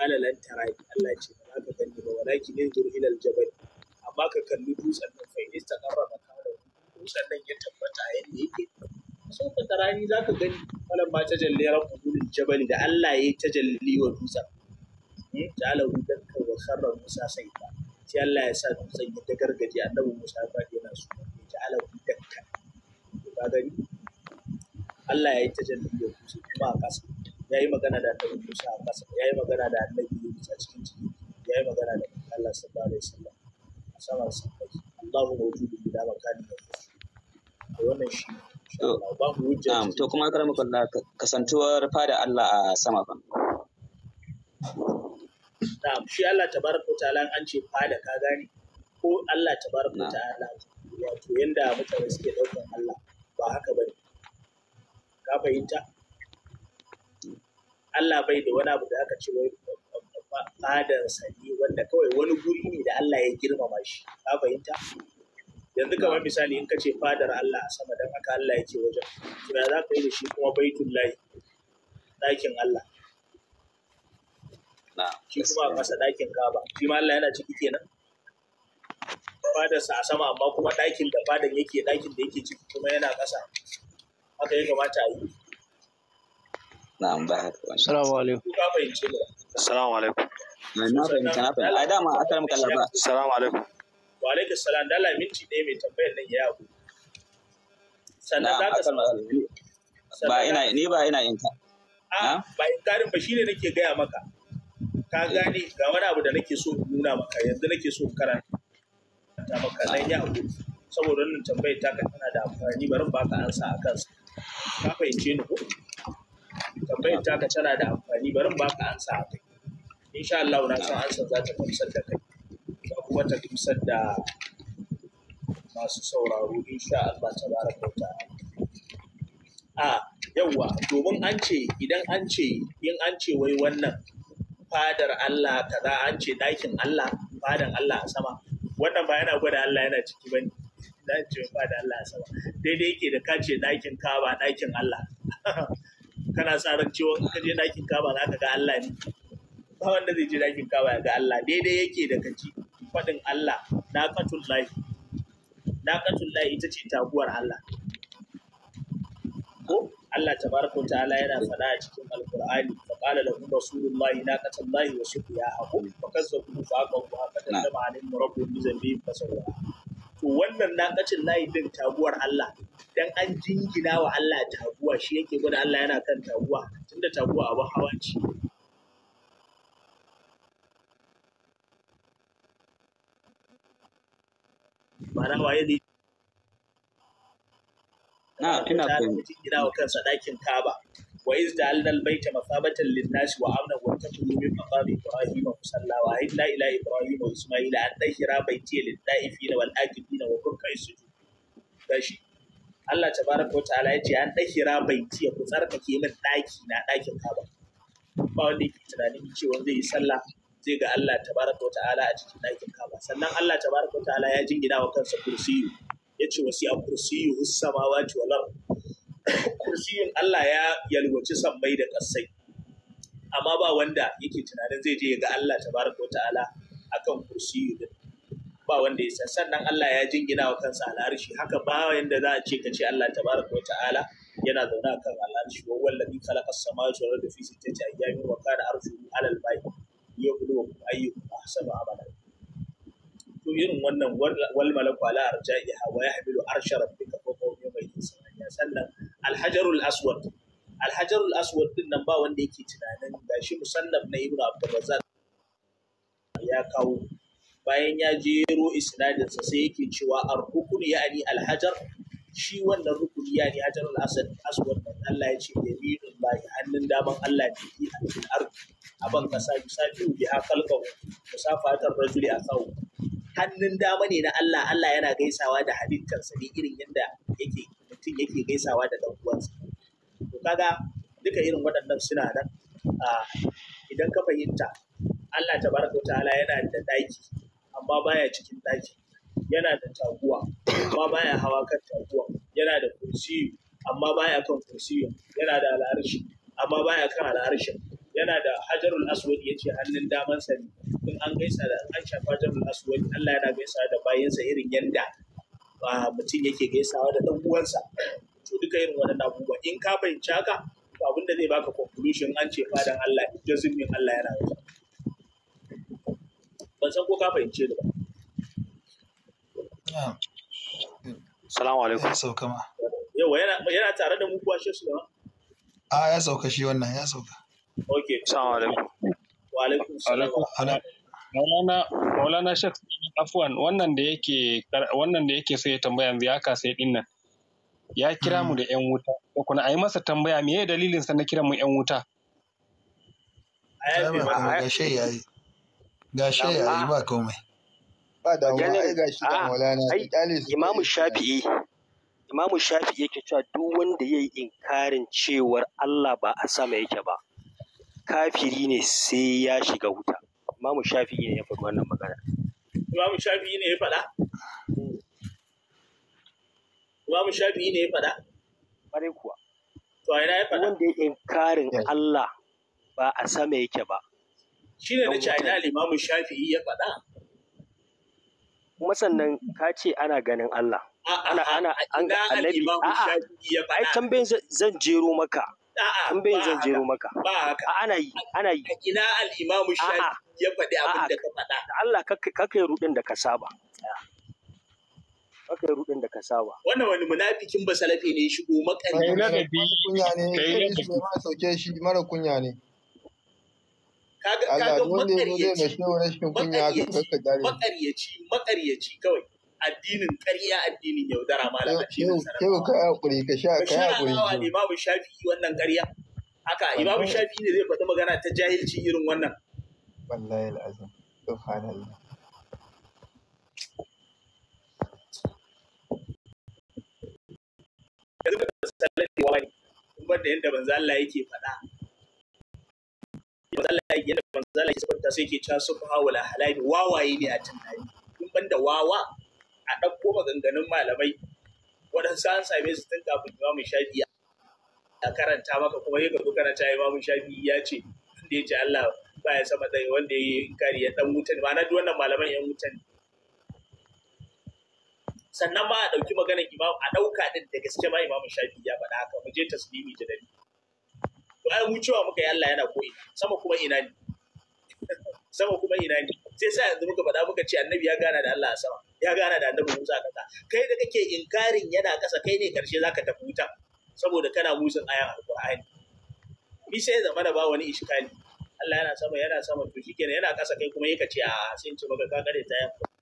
qala lan tarani Allah ce ba ka gani ba walakin yanzur ila aljabal amma ka kalli dutsen nan fa ista qarra makara dutsen nan ya tabbata yadda yake so ka tarani za ka gani ta ma tajalli rabbul jabal da Allah ya ta jalli wa dutsen hmm? ja'ala hudan ka wa sarra musa ka sai Allah ya sa dutsen ya gargaje annabi musa ya faɗi yana so ja'ala hudan ka ka gani Allah ya yi jalli wa dutsen kuma a ƙasa ya yi magana da annabi Musa a ƙasa ya yi magana da annabi Yunus a cikin ciki ya yi magana da Allah sallallahu alaihi wasallam a saman sabai Allahu mawjudu bi da makani da to wannan shi ba to kuma karamu kalla kasantuwar fada Allah a sama fa na'am shi Allah tabaraka ta'ala an ce fada ka gane ko Allah tabaraka ta'ala wato yanda mutane suke daukan Allah ba haka bane ka fahimta Allah bai da wani abu da aka ce wai fadar sani wanda kawai wani guri ne da Allah ya girmama shi ka fahimta yanzu kamar misali in ka ce fadar Allah a sama don haka Allah yake wajen to ya za ka yi da shi kuma baitullahi ɗakin Allah shi kuma a kasa ɗakin kaba shi ma Allah yana ciki kenan sa a sama amma kuma ɗakin da fadan yake ɗakin da yake ciki kuma yana ƙasa haka ya kamata a yi na'am ba haka wannan assalamu alaikum assalamu alaikum na fahimta na fahimta a dama akaram kallah ba assalamu alaikum wa alaikum salam dala minti ɗaya mai tambayar nan ya abu sannan za ka ba ina ni ba ina yin a ba in karin ba shine nake gaya maka ka gane ga wani abu da nake so nuna maka yanzu nake so karanta maka nan ya abu saboda wannan tambayar ta taka tana da amfani bari ba ka ansa a kansa ka fahimce ni ko tambayar taka tana da amfani bari ba ka ansa a kai insha Allah na san ansa za ta kamsar da kai za kuma ta kamsar da masu sauraro insha Allah ta bara ta'ala a yawwa domin an ce idan an ce in an ce wai wannan fadar Allah kaza an ce ɗakin Allah fadan Allah a sama wannan ba yana gwada Allah yana ciki ba ne za ce fadar Allah a sama daidai yake da kace ɗakin ba ɗakin Allah kana sa ran cewa in ka je dakin kaba za ka ga Allah ne ba wanda zai je dakin kaba ya ga Allah daidai yake da kaci faɗin Allah na katul lahi katul lahi ita ce taguwar Allah ko Allah tabaraka ta'ala yana faɗa a cikin alqur'ani fa qala lahu rasulullahi katul lahi wa hakum fa kazzabu fa aqaw fa qadama alayhi rabbi bi dhanbihim fa sawwaha to wannan naƙacin layi din taguwar Allah dan an jingina wa Allah taguwa shi yake gwada Allah yana kan taguwa tunda taguwa abu hawa ce ma'ana waye ne na ina jingina wa kansa ɗakin Kaba wa iz ja'alna al-bayta masabatan lin-nasi wa amna wa taqulu min maqami ibrahim musalla wa inna ila ibrahim wa isma'ila an tahira baiti lin-naifina wal-aqifina wa ruk'i sujud gashi Allah tabaraka wa ta'ala ku min daki na dakin Ka'aba ba wanda yake tunanin cewa zai yi sallah zai ga Allah baraka wata ala a cikin dakin Ka'aba sannan Allah baraka wata ala ya jingina wa kansa kursiyu yace wasi a Kursiyu, as-samawati wal kursiyin Allah ya yalwaci sammai da ƙasai amma ba wanda yake tunanin zai je ya ga Allah tabaraka ta'ala akan kursi din ba wanda ya sannan Allah ya jingina wa kansa al'arshi haka ba yanda za a ce ka ce Allah tabaraka ta'ala yana zaune akan al'arshi wa wallahi khalaqa as-samawati wal ardi fi sittati ayyamin wa kana arshuhu 'ala al-ma'i yabluwakum ayyukum ahsanu amala to irin wannan wal malaku ala arja'iha wa yahmilu arsha rabbika fawqa yawmi sallan. alhajarul aswad alhajarul aswad din nan ba wanda yake tunanin gashi musannaf na ibnu abdurrazzaq ya kawo bayan ya jero isnadinsa sai yake cewa ar-rukun ya'ni alhajar shi wannan rukuni ya ne hajar al'asad aswad da Allah ya ce da binin baki hannun daman Allah ne ke hannun arki a kasa misali bi a musafatar rajuli a kawo hannun dama ne na Allah Allah yana gaisawa da halittarsa ne irin yadda yake mutum yake gaisawa da ɗan uwansa to kaga duka irin waɗannan suna nan idan ka fahimta Allah Ta tabaraka ta'ala yana da daki amma baya cikin daki yana da taguwa amma baya hawa kan taguwa yana da kursiyu amma baya kan kursiyu yana da al'arshi amma baya kan al'arshi, yana da hajarul aswad yace hannun daman sa ne in an gaisa da an shafa hajarul aswad Allah yana gaisa da bayinsa irin yanda mutum yake gaisawa da ɗan uwansa to duka irin waɗannan abubuwa in ka fahimci haka to abin da zai baka conclusion an ce fadan Allah jazibin Allah yana da ban san ko ka fahimce da ba Salamu alaikum. Ya kama Yawa yana tare da mu kuwa shi su A ya sauka shi wannan ya sauka. Ok. Salamu alaikum. Wa alaikum salam. Maulana Maulana shek afwan wannan da yake wannan da yake so ya tambaya yanzu ya kasa ya nan ya kira mu da yan wuta ko kuna ayi masa tambaya me ya dalilin sa na kira mu yan wuta gashe yayi gashe yayi ba komai ba da wani gashi da maulana imamu shafi'i imamu shafi'i yake cewa duk wanda yayi inkarin cewar Allah ba a sama yake ba kafiri ne sai ya shiga wuta imamu shafi'i ne ya faɗi wannan magana imamu shafi'i ne ya faɗa imamu shafi'i ne ya faɗa ƙwarai kuwa to ina ya faɗa wanda ya inkarin Allah ba a sama yake ba shi ne na ce ina limamu shafi'i ya faɗa kuma sannan ka ce ana ganin Allah ana ana an ga annabi a'a ai tambayin zan jero maka tambayin zan jero maka ba haka ana yi ana yi ina al-imamu shafi'i ya faɗi abin da ka faɗa da Allah kakai yi rudin da ka saba kaka yi rudin da ka saba wannan wani munafikin ba salafi ne shigo makari kai ladabi kunya ne kai mara sauke shi mara kunya ne kaga kaga makaryaci makaryaci makaryaci kawai addinin ƙarya addinin yaudara malam a cikin ka Kai hakuri ka sha kai hakuri. Ka sha Imamu shafi wannan ƙarya. Haka Imamu shafi ne zai faɗi magana ta jahilci irin wannan. Wallahi al'azim. Subhanallah. ba kuma da yadda banza Allah yake faɗa. Yadda Allah yadda banza Allah yake sabanta sai yake cewa su hawala halali wawaye ne a tunani. Kun da wawa a ɗauko maganganun malamai waɗansu an same su tun kafin imamu shafi a karanta maka kuma yi gaba karanta imamu shafi ya ce da ya ce Allah baya sama ɗaya wanda ya yi inkari ya dan wuce ne ma'ana duk wannan malaman ya wuce ne sannan ba a ɗauki maganar imam a ɗauka ɗin da gaske ma imam shafi ya faɗa haka mu je taslimi da dani to ai wucewa muka yi Allah yana koyi sama kuma ina ne sama kuma ina ne sai sa yanzu muka faɗa muka ce annabi ya gana da Allah a sama ya gana da annabi Musa a ƙasa kai da kake inkarin yana ƙasa kai ne ƙarshe zaka tafi wuta saboda kana musun ayan alƙur'ani bi sai ya zama da ba wani ishkali Allah yana sama yana sama to shi kenan yana ƙasa kai kuma yake ce a sai in ce maka ka kare ta yamma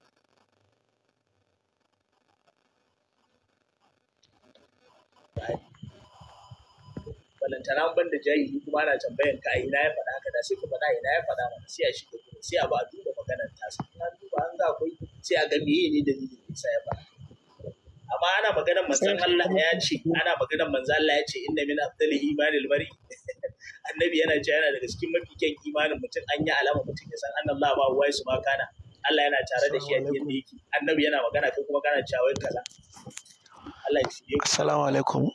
balantana ban da jahili kuma ana tambayan ka ina ya faɗa haka da sai ka faɗa ina ya faɗa mana sai a shiga kuma sai a ba a duba maganar ta sai a duba an ga akwai sai a ga meye ne da dalilin sai ya faɗa amma ana maganar manzon Allah ya ce ana maganar manzon Allah ya ce inna min afdalihi imanil bari annabi yana cewa yana daga cikin mafi kyan imanin mutum an yi alama mutum ya san annan Allah ba wai su ma kana Allah yana tare da shi a cikin yake annabi yana magana kai kuma kana cewa kaza Allah ya shige assalamu alaikum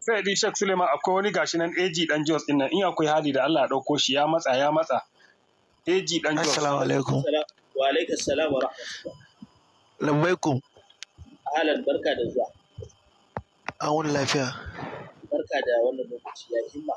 sai bi shak Suleiman akwai wani gashi nan AG dan Jos din nan in akwai hali da Allah ya dauko shi ya matsa ya matsa AG dan Jos assalamu alaikum wa alaikum assalam wa rahmatullah labbaikum halan barka da zuwa an wani lafiya barka da wannan lokaci ya himma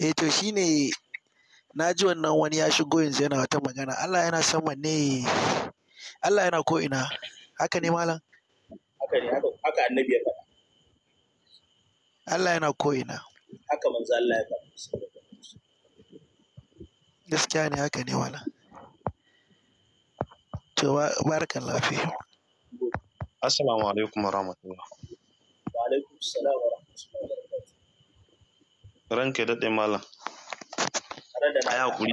eh to ne na ji wannan wani ya shigo yanzu yana wata magana Allah yana sama ne Allah yana ko ina haka ne malam haka ne haka annabi ya faɗa Allah yana ko ina haka manzo Allah ya faɗa gaskiya ne haka ne malam to barkan lafiya assalamu alaikum warahmatullahi wa alaikum assalam wa rahmatullahi wa barakatuh ranka ya daɗe malam a yi hakuri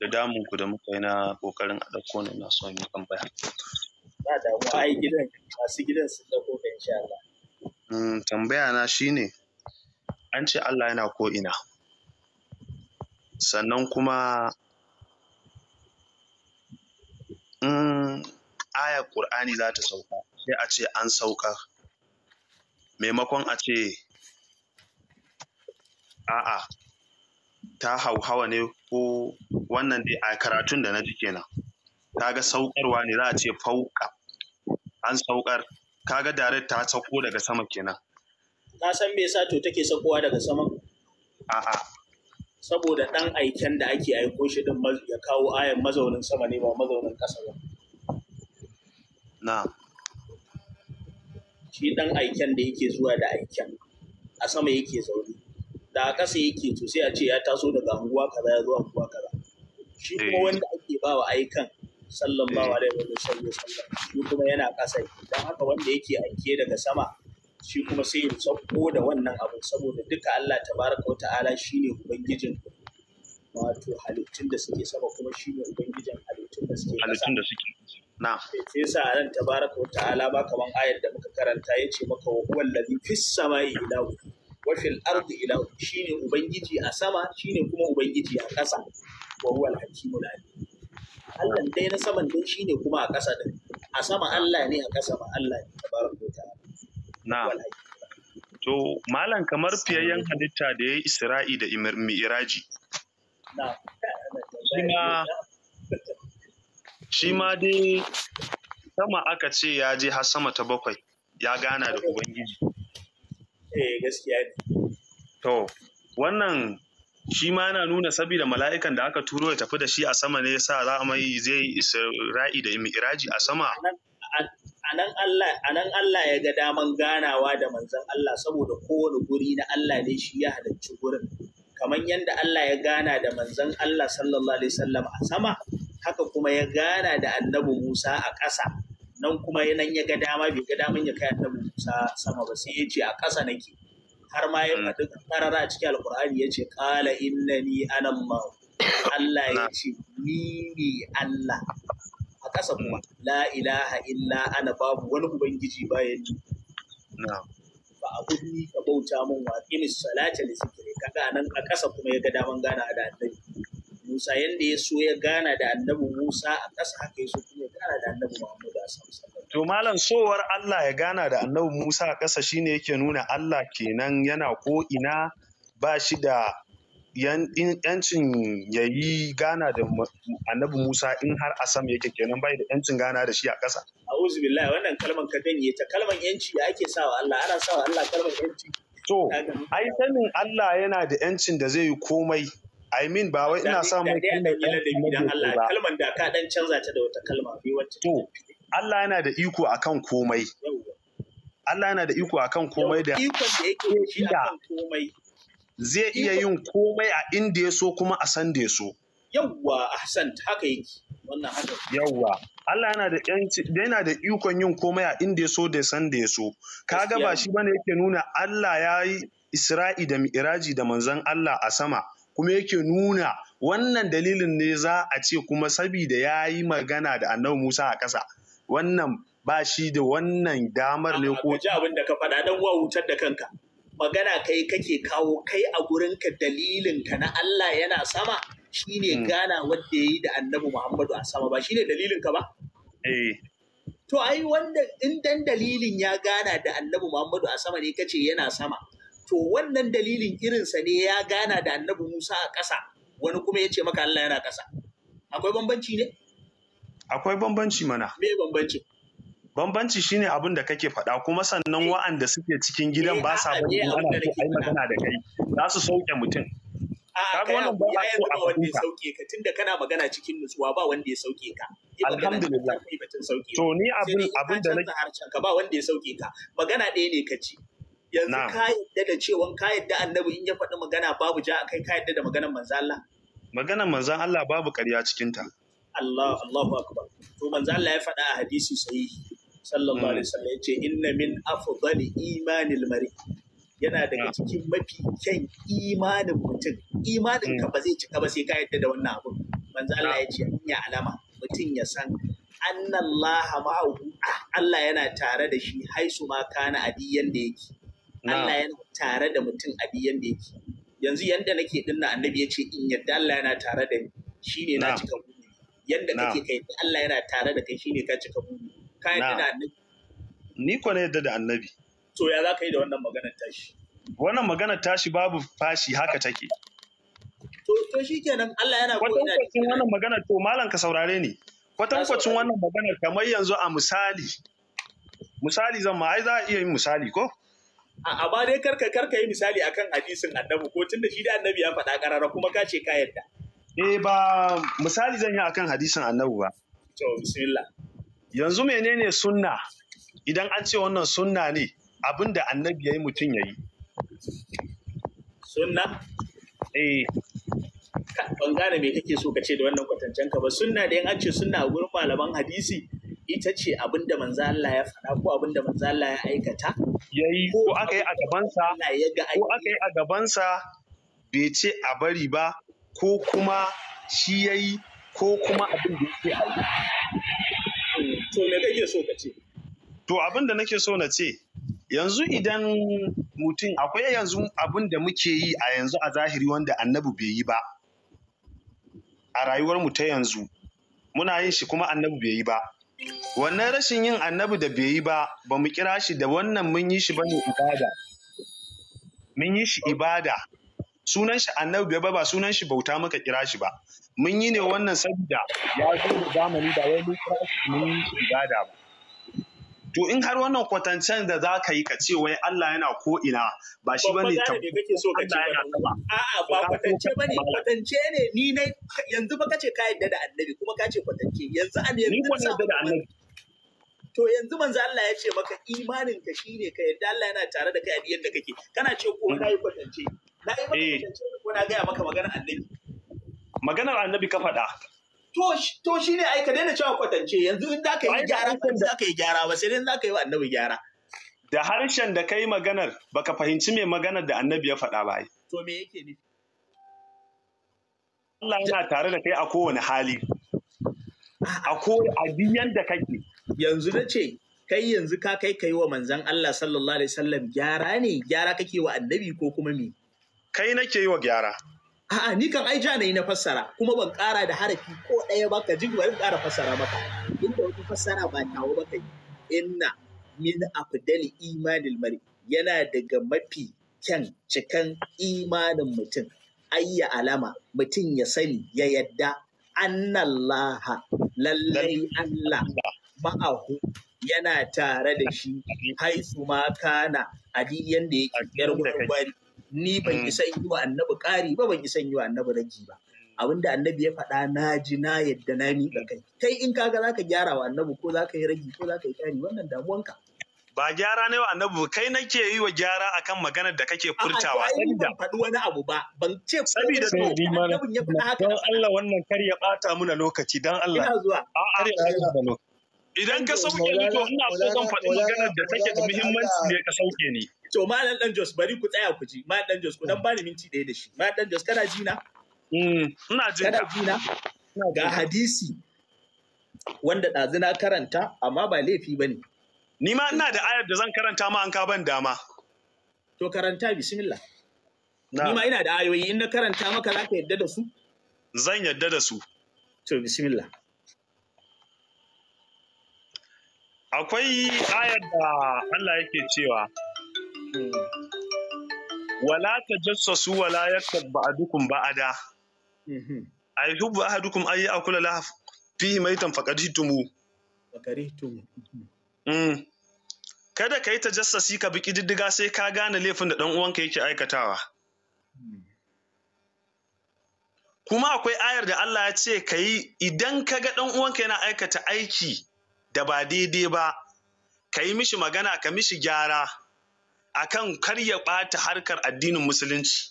da damun ku da muka yi na ƙoƙarin a ɗauko ne na son yi tambaya ba damuwa ai gidan masu gidan su ɗauko ka insha Allah mm, tambaya na shine an ce Allah yana ko ina sannan kuma in mm, ayar ƙur'ani za ta sauka sai a ce an sauka maimakon a ce a'a ta hauhawa ne ko wannan dai a karatun da na ji kenan kaga saukarwa ne za a ce fauka an saukar kaga direct ta sauko daga sama kenan ka san me yasa to take saukowa daga sama a'a saboda dan aiken da ake aiko shi din ya kawo ayan mazaunin sama ne ba mazaunin ƙasa ba na shi dan aiken da yake zuwa da aiken a sama yake zaune da a ƙasa yake to sai a ce ya taso daga anguwa kaza ya zo anguwa kaza shi kuma eh. wanda ake ba wa aikan sallan ba eh. wa sallan shi kuma yana ƙasa Idan haka wanda yake aike daga sama shi kuma sai ya sauko da wannan abu saboda duka Allah tabaraka wa ta'ala ne ubangijin wato halittun da suke sama kuma shi ne ubangijin halittun da suke halittun da suke na eh, sai sa nan tabaraka wa ta'ala ba kaman ayar da muka karanta yace maka wa huwal ladhi fis samai ilahu wafil ardi ila shine ubangiji a sama shine kuma ubangiji a ƙasa wa huwa al hakimul alim Allah dai na saman dai shine kuma a ƙasa din a sama Allah ne a ƙasa ma Allah ne tabaraka ta'ala Na to malam kamar fiyayyen halitta da yayi isra'i da mi'iraji shi ma dai sama aka ce ya je har sama ta bakwai ya gana da ubangiji eh gaskiya ne to wannan shi ma yana nuna saboda mala'ikan da aka turo ya tafi da shi a sama ne yasa za a mai zai isra'i da mi'raji a sama anan Allah Allah ya ga daman ganawa da manzon Allah saboda kowane guri na Allah ne shi ya halarci gurin kamar yadda Allah ya gana da manzon Allah sallallahu alaihi wasallam a sama haka kuma ya gana da annabi Musa a ƙasa nan kuma nan ya ga dama bai ga daman ya kai annabi Musa sama ba sai ya ce a ƙasa nake har ma ya faɗi karara a cikin Alƙur'ani ya ce qala innani ana ma Allah ya ce ni ne Allah a ƙasa kuma la ilaha illa ana babu wani ubangiji bayan ni ba a ni ka bauta min wa qimis salata li zikri kaga nan a ƙasa kuma ya ga daman gana da annabi Musa yanda ya so ya gana da annabi Musa a ƙasa haka ya so kuma ya gana da annabi Muhammad To malam sowar Allah ya gana da annabi Musa a ƙasa shine yake nuna Allah kenan yana ko ina ba shi da yancin ya yi gana da annabi Musa in har a sam yake kenan bai da yancin gana da shi a ƙasa. A'udhu billahi wannan kalman ka ganye ta kalman yanci da ake sawa Allah ana sawa Allah kalman yanci. To ai sanin Allah yana da yancin da zai yi komai I mean ba wai ina sa mai kalmar da ka dan canza ta da wata kalma bi wacce. Allah yana da iko kan komai Allah yana da iko kan komai da ikon da yake shi komai zai iya yin komai a inda ya so kuma a san da ya so yawwa ahsan haka yake wannan haka yawwa Allah yana da yana da ikon yin komai a inda ya so da san da ya so kaga ba shi bane yake nuna Allah ya yi Isra'i da Mi'raji da manzon Allah a sama kuma yake nuna wannan dalilin ne za a ce kuma sabida ya yi magana da annabi Musa a ƙasa wannan ba shi da wannan damar ne ko ji abin da ka faɗa dan wa wutar da kanka magana kai kake kawo kai a gurinka dalilin ka na Allah yana sama shine hmm. gana wanda yayi da Annabi Muhammadu a sama ba shine dalilin ka ba eh to ai wanda in dan dalilin ya gana da Annabi Muhammadu a sama ne kace yana sama to wannan dalilin irinsa ne ya gana da annabi Musa a ƙasa wani kuma ya ce maka Allah yana ƙasa akwai bambanci ne Akwai bambanci mana. Me bambanci? Bambanci shine abin da kake faɗa kuma sannan eh. wa'anda suke cikin gidan eh, ba sa bari ana so ai magana da kai za su sauke mutum. A'a kai ya zama wanda ya sauke ka tunda kana magana cikin nutsuwa ba wanda ya sauke ka. Alhamdulillah. To ni abin abin da nake ka ba wanda ya sauke ka magana ɗaya ne ka ci. Yanzu ka yadda da cewa ka yadda annabi in ya faɗi magana babu ja a kai ka yadda da maganar manzo Allah. Maganar manzan Allah babu ƙarya cikinta. Allah Allahu akbar to manzo Allah ya faɗa a hadisi sahihi sallallahu alaihi wasallam yace inna min afdali imanil mar'i yana daga cikin mafi kyan imanin mutum imanin ka ba zai cika ba sai ka yadda da wannan abu manzo Allah ya ce ya alama mutum ya san annallaha ma'ahu ah, Allah yana tare da shi haisu ma kana adiyan da yake Allah yana tare da mutum adiyan da yake yanzu yanda nake dinna annabi ya ce in yadda Allah yana tare da ni shine na cika yadda kake kai Allah yana tare da kai shine ka cika mu ka yadda da annabi ni ko ne yadda da annabi to ya za ka yi da wannan maganar tashi wannan maganar tashi babu fashi haka take to to shikenan Allah yana koyi da wannan maganar to malam ka saurare ni kwatankwacin wannan maganar kamar yanzu a misali misali zan ma ai za a iya yin misali ko a ba dai karka karka yi misali akan hadisin annabi ko tunda shi da annabi ya faɗa karara kuma ka ce ka yadda Eh ba misali zan yi akan hadisin annabu ba. To Yanzu menene sunna? Idan an ce wannan sunna ne abin da annabi ya yi mutum ya yi. Sunna? Eh. Ban gane me kake so ka ce da wannan kwatancen ka ba. Sunna da yin an ce sunna a gurin malaman hadisi ita ce abin da manzo Allah ya faɗa ko abin da manzo Allah ya aikata. yi ko aka yi a gabansa ko aka yi a gabansa bai ce a bari ba ko kuma shi ya yi ko kuma abin da yake a To me kake so ka ce? To abin da nake so na ce yanzu idan mutum akwai yanzu abin da muke yi a yanzu a zahiri wanda annabi bai yi ba a rayuwar mu ta yanzu muna yin shi kuma annabi bai yi ba wannan rashin yin annabi da bai yi ba ba mu kira shi da wannan mun yi shi bane ibada mun yi shi ibada sunan shi annabi ba ba sunan shi bauta muka kira shi ba mun yi ne wannan saboda ya zo da zamani da wani mun shi yi ibada ba to in har wannan kwatancen da za ka yi ka ce wai Allah yana ko ina ba shi ba ne kake so ka ce a'a ba kwatance ba ne kwatance ne ni ne. yanzu ba ce ka yadda da annabi kuma ka ce kwatance yanzu an yanzu ni kwatance da annabi to yanzu manzo Allah ya ce maka imanin ka shine ka yadda Allah yana tare da kai a yadda kake kana ce ko kai yi kwatance na yi maka eh. ko na gaya maka maganar annabi maganar annabi ka faɗa to shi ne ai ka daina cewa kwatance yanzu in za ka yi gyara za ka yi gyara ba sai dai za ka yi wa annabi gyara da harshen da ka yi maganar baka fahimci me maganar da annabi ya faɗa ba to me yake ni Allah yana tare da kai a kowane hali a kowane yadda da kake yanzu na ce kai yanzu ka kai kai wa manzon Allah sallallahu alaihi wasallam gyara ne gyara kake wa annabi ko kuma me kai nake yi wa gyara a'a ni kan ai janayi na fassara kuma ban ƙara da harafi ko ɗaya ba ka ji bari ƙara fassara maka inda wata fassara ba tawo ba kai inna min afdali imanil mar'i yana daga mafi kyan cikan imanin mutum ayya alama mutum ya sani ya yadda annallaha lallai Allah ma'ahu yana tare da shi haisu ma kana a yadda yake yar bari. ni ban mm. isa yi wa annabi ƙari ba ban isa yi wa annabi ragi ba mm. abin da annabi ya faɗa na ji na yadda na miƙa kai kai in kaga zaka gyara wa annabi ko zaka yi ragi ko zaka yi ƙari wannan damuwanka ba gyara ne wa annabi kai nake yi wa gyara akan maganar da kake furtawa sabida ban faɗi wani abu ba ban ce sabida to annabin ya faɗa haka dan Allah wannan kar ya bata muna lokaci dan Allah ina zuwa kar ya bata lokaci idan ka sauke ni to ina so zan faɗi maganar da take da muhimmanci ne ka sauke ni to malam dan Jos bari ku tsaya ku ji malam dan Jos ku dan bani minti ɗaya da shi malam dan Jos kana ji na hmm, ina ji kana ji na ga hadisi wanda ɗazu na karanta amma ba laifi bane ni ma ina da ayar da zan karanta ma an ka ban dama to karanta bismillah ni ma ina da ayoyi in na karanta maka za ka yadda da su zan yadda da su to bismillah akwai ayar da Allah yake cewa wala su wala ba mhm. a a a yi hubu a dukun ayi a kula lahaf fiye maitan faqaditumu fakarihtumu mm kada ta tajassasi ka bi diddiga, sai ka gane laifin da ɗan'uwanka uwanka yake aikatawa mm. kuma akwai ayar da Allah ya ce ka yi idan ka ga ɗan uwanka yana aikata aiki da ba daidai ba ka yi mishi magana ka mishi gyara akan kar ya ɓata harkar addinin musulunci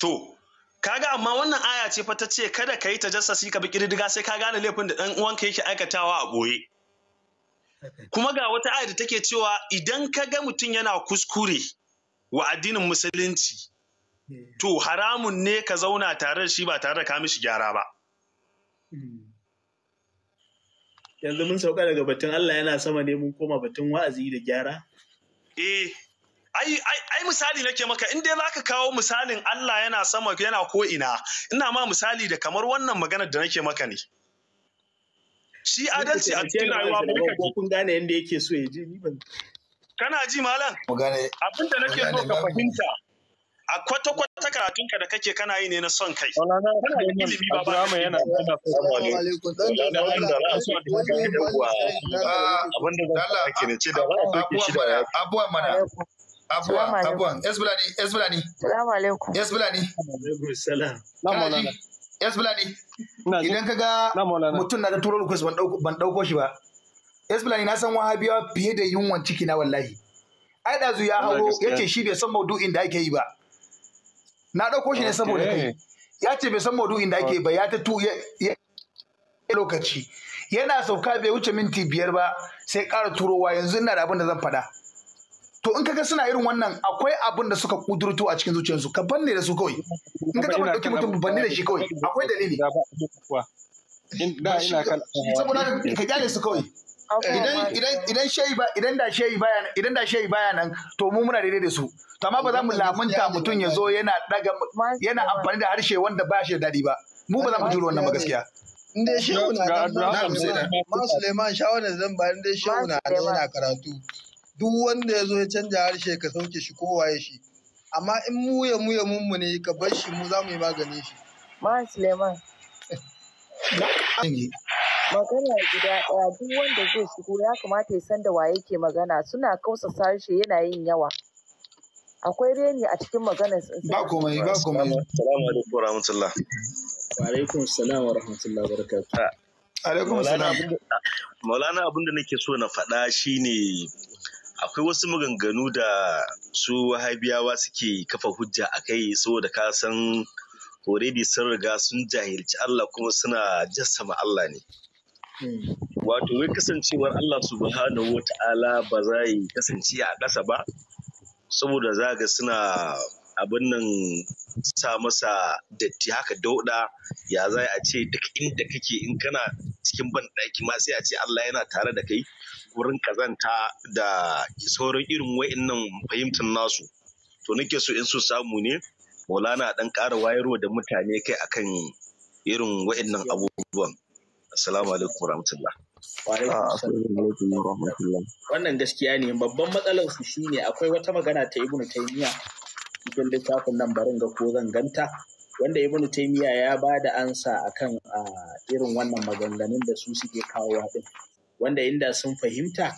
to kaga amma wannan aya ce fa ta ce kada ka yi ta jassasi ka bi ƙididdiga sai ka gane laifin da ɗan uwanka yake aikatawa a ɓoye kuma ga wata aya da take cewa idan ka ga mutum yana kuskure wa addinin musulunci to haramun ne ka zauna tare da shi ba tare da ka mishi gyara ba hmm. yanzu mun sauka daga batun Allah yana sama ne mun koma batun wa'azi da gyara eh ai misali nake maka in dai ka kawo misalin Allah yana sama yana ko ina ina ma misali da kamar wannan maganar da nake maka ne shi adalci a cikin rayuwa ba kun gane yanda yake so ya ji ban kana ji malam abinda nake so ka fahimta a kwata ta karatunka da kake kana yi ne na son kai. Ilimi mana. Abuwa, abuwa, Esbulani, Esbulani. Salamu alaikum. Esbulani. Alaikum Esbulani. Idan ka ga mutum na da turo request ban ɗauko shi ba. Esbulani na san wahabiyawa fiye da yunwan ciki na wallahi. Ai ɗazu ya hawo yace shi bai san maudu'in da ake yi ba. na ɗauko shi ne saboda kai ya ce bai san maudu'in da ake ba ya ta tu ya lokaci yana sauka bai wuce minti biyar ba sai ƙara turowa yanzu ina da abin da zan faɗa to in kaga suna irin wannan akwai abin da suka kudurto a cikin zuciyarsu ka banne da su kawai in ka gaba dauki mutum banne da shi kawai akwai dalili saboda ka kyale su kawai idan shehi ba idan da shehi baya idan da shehi baya nan to mu muna daidai da su to amma ba za mu lamunta mutum ya zo yana daga yana amfani da harshe wanda ba shi da daɗi ba mu ba za mu juro wannan ba gaskiya in dai shehu na nan ma Suleiman shawarar zan ba in dai shehu na da yana karatu duk wanda ya zo ya canja harshe ka sauke shi kowa ya shi amma in mu ya mu ya mun mu ne ka bar shi mu za mu yi maganin shi ma Suleiman Magana gida, ɗaya duk wanda zai shigo ya kamata ya san da wa yake magana, suna kausasa shi yana yin yawa. Akwai reni a cikin maganar sun Ba komai, ba komai. Assalamu alaikum wa rahmatullah. Wa alaikum salam wa rahmatullah wa barakatuh. Ah, alaikum salam. Maulana abin da nake so na faɗa shine akwai wasu maganganu da su wahabiyawa suke kafa hujja a kai saboda ka san already sun riga sun jahilci Allah kuma suna jassama Allah ne. wato wai kasancewar Allah subhanahu wa ta'ala ba za yi kasance a ƙasa ba saboda za ga suna abin nan sa masa datti haka dauɗa ya za a ce duk inda kake in kana cikin banɗaki ma sai a ce Allah yana tare da kai wurin kazanta da sauran irin wa'innan fahimtar nasu to nake so in su samu ne maulana ɗan ƙara wayarwa da mutane kai akan irin wa'innan abubuwan Ah, assalamu alaikum warahmatullah wannan gaskiya ne babban matsalar su shine akwai wata magana ta ibnu taymiya cikin littafin nan barin ga ko zan ganta wanda ibnu taymiya ya ba da ansa akan ah, irin wannan maganganun da su suke kawo din wanda inda sun fahimta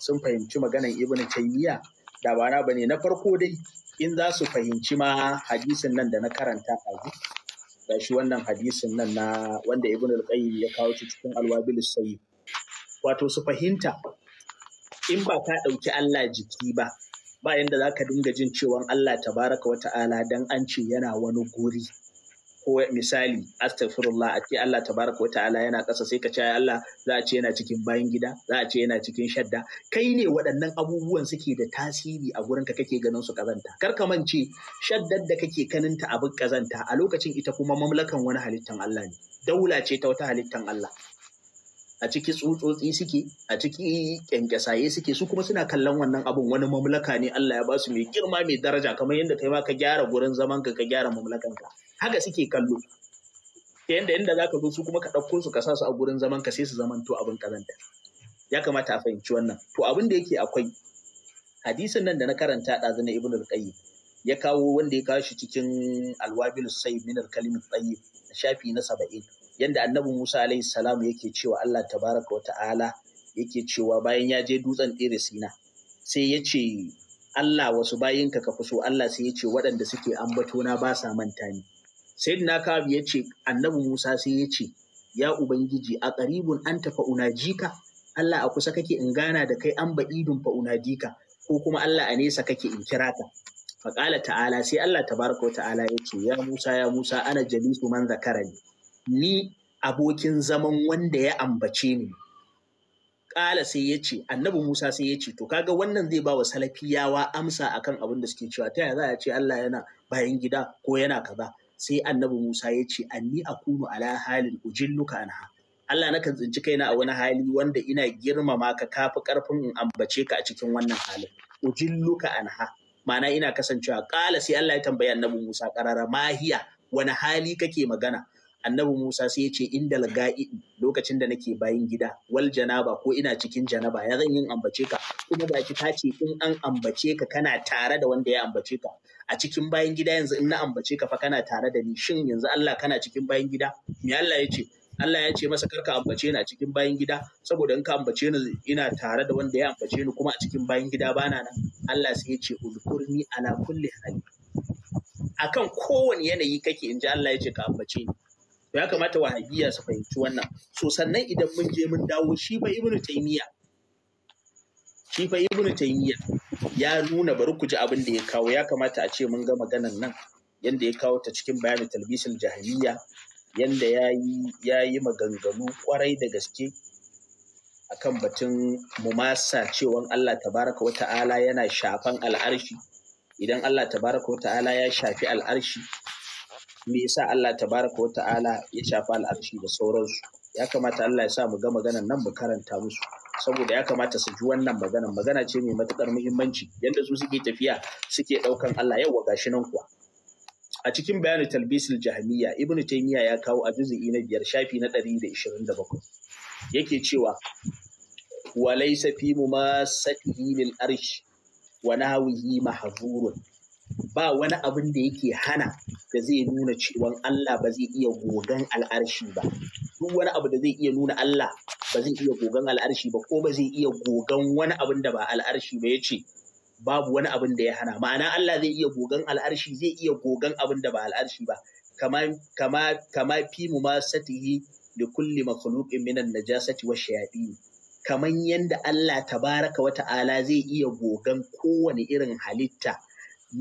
sun fahimci maganan ibnu taymiya da ba na bane na farko dai in za su fahimci ma hadisin nan da na karanta a gashi wannan hadisin nan na wanda ibn al-qayyim ya kawo shi cikin alwabil sayyi wato su fahimta in ba ka ɗauki Allah jiki ba ba yanda za dinga jin cewa Allah tabaraka wata'ala dan an ce yana wani guri ko misali astaghfirullah a ce Allah tabaraka wa ta'ala yana ƙasa sai ka ce Allah za a ce yana cikin bayan gida za a ce yana cikin shadda kai ne waɗannan abubuwan suke da tasiri a ka kake ganin su kazanta kar ka mance shaddar da kake kaninta abin kazanta a lokacin ita kuma mamlakan wani halittan Allah ne daula ce ta wata halittan Allah a ciki tsutsotsi suke a ciki kyankyasaye suke su kuma suna kallon wannan abun wani mamlaka ne Allah ya ba su mai girma mai daraja kamar yadda kai ma ka gyara gurin zaman ka ka gyara mamlakan ka haka suke kallo ta yanda za zaka zo su kuma ka ɗauko su ka sa su a gurin zaman ka sai su zamanta abin kazanta ya kamata a fahimci wannan to abin da yake akwai hadisin nan da na karanta ɗazu na ibn al ya kawo wanda ya kawo shi cikin alwabil sai min al-kalimat tayyib shafi na 70 yanda annabi Musa alaihi salam yake cewa Allah tabaraka wa ta'ala yake cewa bayan ya je dutsen sina, sai ya ce Allah wasu bayinka ka fi so Allah sai ya ce waɗanda suke ambatona ba sa manta ni sayyidina ka'ab ya ce annabi musa sai ya ce ya ubangiji a qaribun an tafa unajika Allah a kusa kake in gana da kai an ba'idun fa unadika ko kuma Allah a nesa kake in kira ka faƙala ta'ala sai Allah tabaraka ta'ala ya ce ya Musa ya Musa ana jalisu man zakarani ni abokin zaman wanda ya ambace ni ƙala sai ya ce annabi Musa sai ya ce to kaga wannan zai ba wa salafiyawa amsa akan abin da suke cewa ta yaya za a ce Allah yana bayan gida ko yana kaza sai annabi Musa ya ce anni akunu ala halin ujilluka anha Allah nakan tsinci kaina a wani hali wanda ina girmama ka kafi karfin in ambace ka a cikin wannan halin ujilluka anha ma'ana ina kasancewa kala sai Allah ya tambaya annabi Musa karara mahiya wani hali kake magana annabi Musa sai ya ce inda laga'i lokacin da nake bayin gida wal janaba ko ina cikin janaba ya zan yin ambace ka kuma ga ki ta ce in an ambace ka kana tare da wanda ya ambace ka a cikin bayin gida yanzu in na ambace ka fa kana tare da ni shin yanzu Allah kana cikin bayin gida me Allah ya ce Allah ya ce masa karka ambace ni a cikin bayan gida saboda in ka ambace ni ina tare da wanda ya ambace ni kuma a cikin bayan gida bana nan Allah sai ya ce ulkurni ala kulli hali akan kowane yanayi kake in ji Allah ya ce ka ambace ni to ya kamata wahabiyya su fahimci wannan so sannan idan mun je mun dawo shi fa ibnu taymiya shi fa ibnu taymiya ya nuna bari ku ji abin da ya kawo ya kamata a ce mun ga maganar nan yanda ya kawo ta cikin bayanin talbisul jahiliya yanda ya yi maganganu kwarai da gaske akan batun mumasa cewan Allah tabaraka wa ta'ala yana shafan al'arshi idan Allah tabaraka wa ta'ala ya shafi al'arshi me yasa Allah tabaraka wa ta'ala ya shafa al'arshi da sauransu ya kamata Allah ya sa mu ga maganan nan mu karanta musu saboda ya kamata su ji wannan maganan magana ce mai matukar muhimmanci yadda su suke tafiya suke daukan Allah yau gashi nan kuwa a cikin bayanin talbisul jahmiya ibnu taymiya ya kawo a juz'i na biyar shafi na 127 yake cewa wa laysa fi mumasatihi lil arsh wa nahwihi mahzurun ba wani abin da yake hana da zai nuna cewa Allah ba zai iya gogan al'arshi ba duk wani abu da zai iya nuna Allah ba zai iya gogan al'arshi ba ko ba zai iya gogan wani abin da ba al'arshi ba yace babu wani abin da ya hana ma'ana Allah zai iya gogan al'arshi zai iya gogan abin da ba al'arshi ba kama kama kama fi mumasatihi li kulli makhluqin minan najasati wa shayatin kaman yanda Allah tabaraka wa ta'ala zai iya gogan kowane irin halitta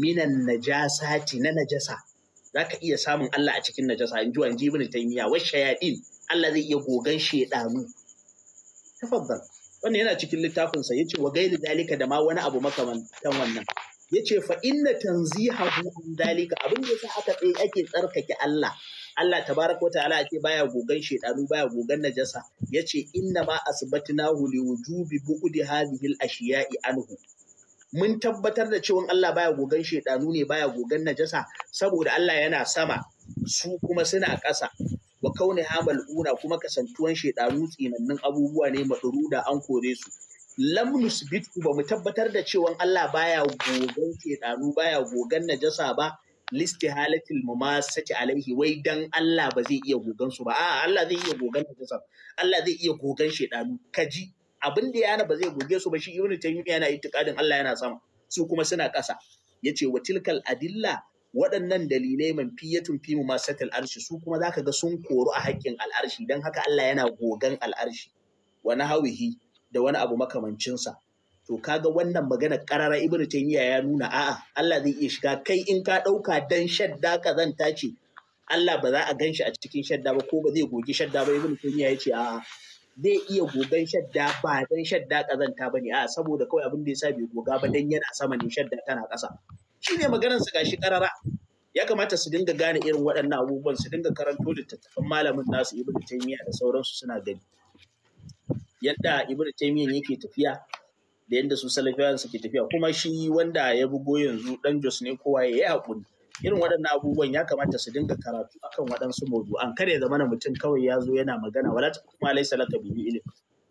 minan najasati na najasa zaka iya samun Allah a cikin najasa in juwa inji ibn taymiya wa shayatin Allah zai iya gogan shedanu tafaddal wannan yana cikin littafin sa yace wa gairi dalika da ma wani abu makamantan wannan yace fa inna tanzihahu an dalika abin da yasa aka tsaye ake tsarkake Allah Allah tabaraka wa ta'ala ake baya gogan shedanu baya gogan najasa yace inna ma asbatnahu liwujubi bu'di hadhihi al-ashiya'i anhu mun tabbatar da cewa Allah baya gogan shaidanu ne baya gogan najasa saboda Allah yana sama su kuma suna ƙasa wa kauni hamal una kuma kasantuwan shaidanu tsinannun abubuwa ne da an kore su lam nusbitu ba mu tabbatar da cewa Allah baya gogan shaidanu baya gogan najasa ba listihalatil mumasati alaihi wai dan Allah ba zai iya gogan su ba a Allah zai iya gogan najasa Allah zai iya gogan shaidanu kaji abin da yana ba zai goge su ba shi ibnu taymiya yana itikadin Allah yana sama su kuma suna ƙasa yace wa tilkal adilla waɗannan dalilai man fiyatun fi mumasatil arshi su kuma zaka ga sun koru a haƙƙin al'arshi dan haka Allah yana gogan al'arshi wa nahawihi da wani abu makamancin sa to kaga wannan magana karara ibnu taymiya ya nuna a'a Allah zai iya shiga kai in ka ɗauka dan shadda kazanta ce Allah ba za a ganshi a cikin shadda ba ko ba zai goge shadda ba ibnu taymiya yace a'a zai iya gogan shadda ba dan shadda kazanta bane a saboda kawai abin da sa bai goga ba dan yana sama ne shadda tana ƙasa shine maganar su gashi karara ya kamata su dinga gane irin waɗannan abubuwan su dinga karanto littattafan malamin nasu ibnu taymiya da sauransu suna gani yadda ibnu taymiya yake tafiya da yadda su salafiyan suke tafiya kuma shi wanda ya bugo yanzu dan jos ne kowa ya yi hakuri irin waɗannan abubuwan ya kamata su dinga karatu akan waɗansu an kare zama na mutum kawai ya zo yana magana wala ta kuma alai salaka bibi ilim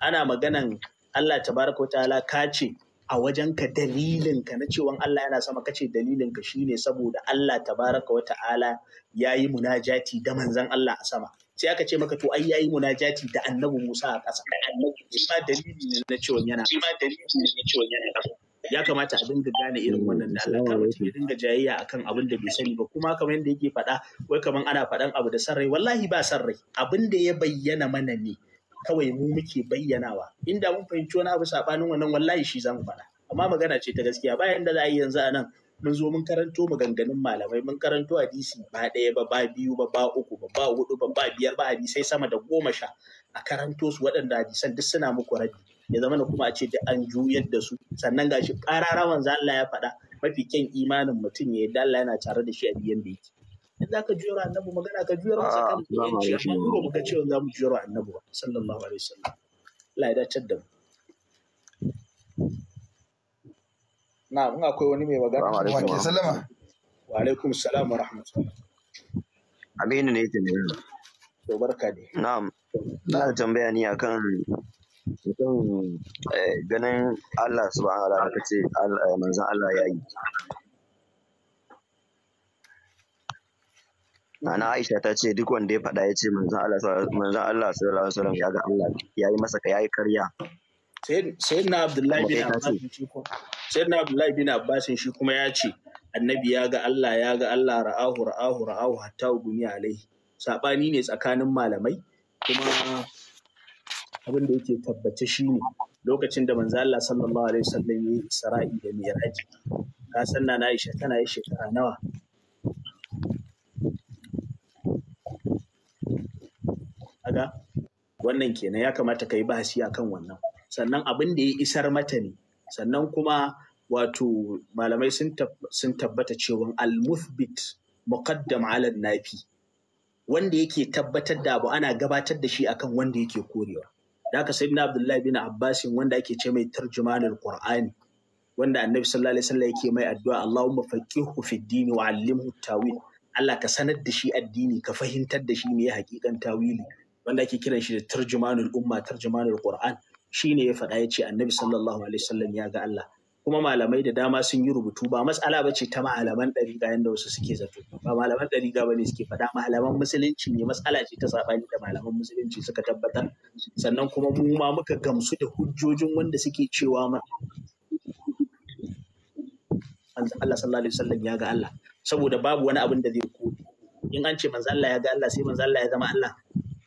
ana maganan Allah tabaraka wa ta'ala ka ce a ka dalilin ka na cewa Allah yana sama kace dalilin ka shine saboda Allah tabaraka wa ta'ala yayi munajati da manzon Allah a sama sai aka ce maka to ai yayi munajati da annabi Musa a ƙasa annabi ma dalili ne na cewa yana ma dalili ne na cewa yana ya kamata a dinga gane irin mm, wannan da Allah kar mutum ya dinga jayayya akan abin da bai sani ba kuma kamar yadda yake faɗa wai kamar ana faɗan abu da sarrai wallahi ba sarrai abin da ya bayyana mana ne kawai mu muke bayyanawa inda mun fahimci wani abu sabanin wannan wallahi shi zan faɗa amma magana ce ta gaskiya bayan da za a yi yanzu a nan mun zo mun karanto maganganun malamai mun karanto hadisi ba ɗaya ba ba biyu ba ba uku ba ba hudu ba ba biyar ba hadisai sama da goma sha a karanto su waɗanda hadisan duk suna muku rabi ya zama na kuma a ce an juyar da su sannan gashi ƙarara za Allah ya faɗa mafi kyan imanin mutum ya yadda Allah yana tare da shi a biyan da yake in za ka juyar annabu magana ka juyar masa kan yanci amma ba mu ga cewa za mu juyar annabu ba sallallahu alaihi wasallam Allah ya dace da mu na mun akwai wani mai magana wa ke salama wa alaikum salam wa rahmatullah Aminu ne yake ne. To barka ne. Na'am. Na tambaya ni akan mutum eh, ganin Allah subhanahu wa ta'ala ce eh, manzon Allah ya yi Nana Aisha ta ce duk wanda ya faɗa ya ce manzon Allah sallallahu alaihi wasallam ya ga Allah ya yi masa ya yi karya sayyidina Abdullahi bin Abbas shi sayyidina Abdullahi bin Abbas shi kuma ya ce annabi ya ga Allah ya ga Allah ra'ahu ra'ahu ra'ahu hatta gumi alaihi sabani ne tsakanin malamai kuma abin da yake tabbace ne lokacin da manzo Allah sallallahu alaihi wasallam ya Isra'i da Mi'raj ka san na Aisha tana yi shekara nawa aga wannan kenan ya kamata ka yi bahasi akan wannan sannan abin da ya isar mata ne sannan kuma wato malamai sun tabbata cewa al-muthbit muqaddam ala nafi wanda yake tabbatar da abu ana gabatar da shi akan wanda yake korewa da haka sayyidina abdullahi bin abbasin wanda ake ce mai tarjumanin qur'ani wanda annabi sallallahu alaihi wasallam yake mai addu'a Allahumma faqihu fid dini wa allimhu tawil Allah ka sanar da shi addini ka fahimtar da shi me hakikan tawili wanda ake kiran shi da tarjumanul umma tarjumanul qur'an shine ya faɗa ya ce annabi sallallahu alaihi wasallam ya ga Allah kuma malamai da dama sun yi rubutu ba matsala ba ce ta malaman ga yadda wasu suke zato ba malaman ɗari ga ne suke faɗa malaman musulunci ne matsala ce ta saɓani da malaman musulunci suka tabbatar sannan kuma mu ma muka gamsu da hujjojin wanda suke cewa ma Allah sallallahu alaihi ya ga Allah saboda babu wani abin da zai ko in an ce manzo Allah ya ga Allah sai manzo Allah ya zama Allah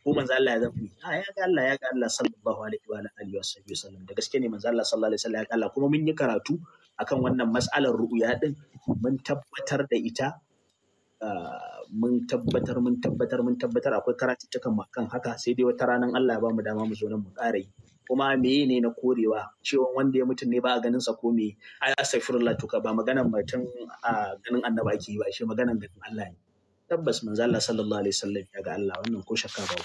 ko manzo Allah ya zafi a ah, ya ga Allah ya ga Allah sallallahu alaihi wa alihi sallam da gaske ne manzo Allah sallallahu alaihi wasallam ya ga Allah kuma mun yi karatu akan wannan mas'alar ru'ya din mun tabbatar da ita ah, mun tabbatar mun tabbatar mun tabbatar akwai karatuttukan kan haka sai dai wata ranar Allah ya mu dama mu zo nan mu ƙara kuma meye ne na korewa cewa wanda ya mutum ne ba a ganin sa ko me ai astaghfirullah to ka ba maganar mutum a ah, ganin annaba ake yi ba shi maganar ganin Allah ne tabbas manzo Allah sallallahu alaihi wasallam ya ga Allah wannan ko shakka ba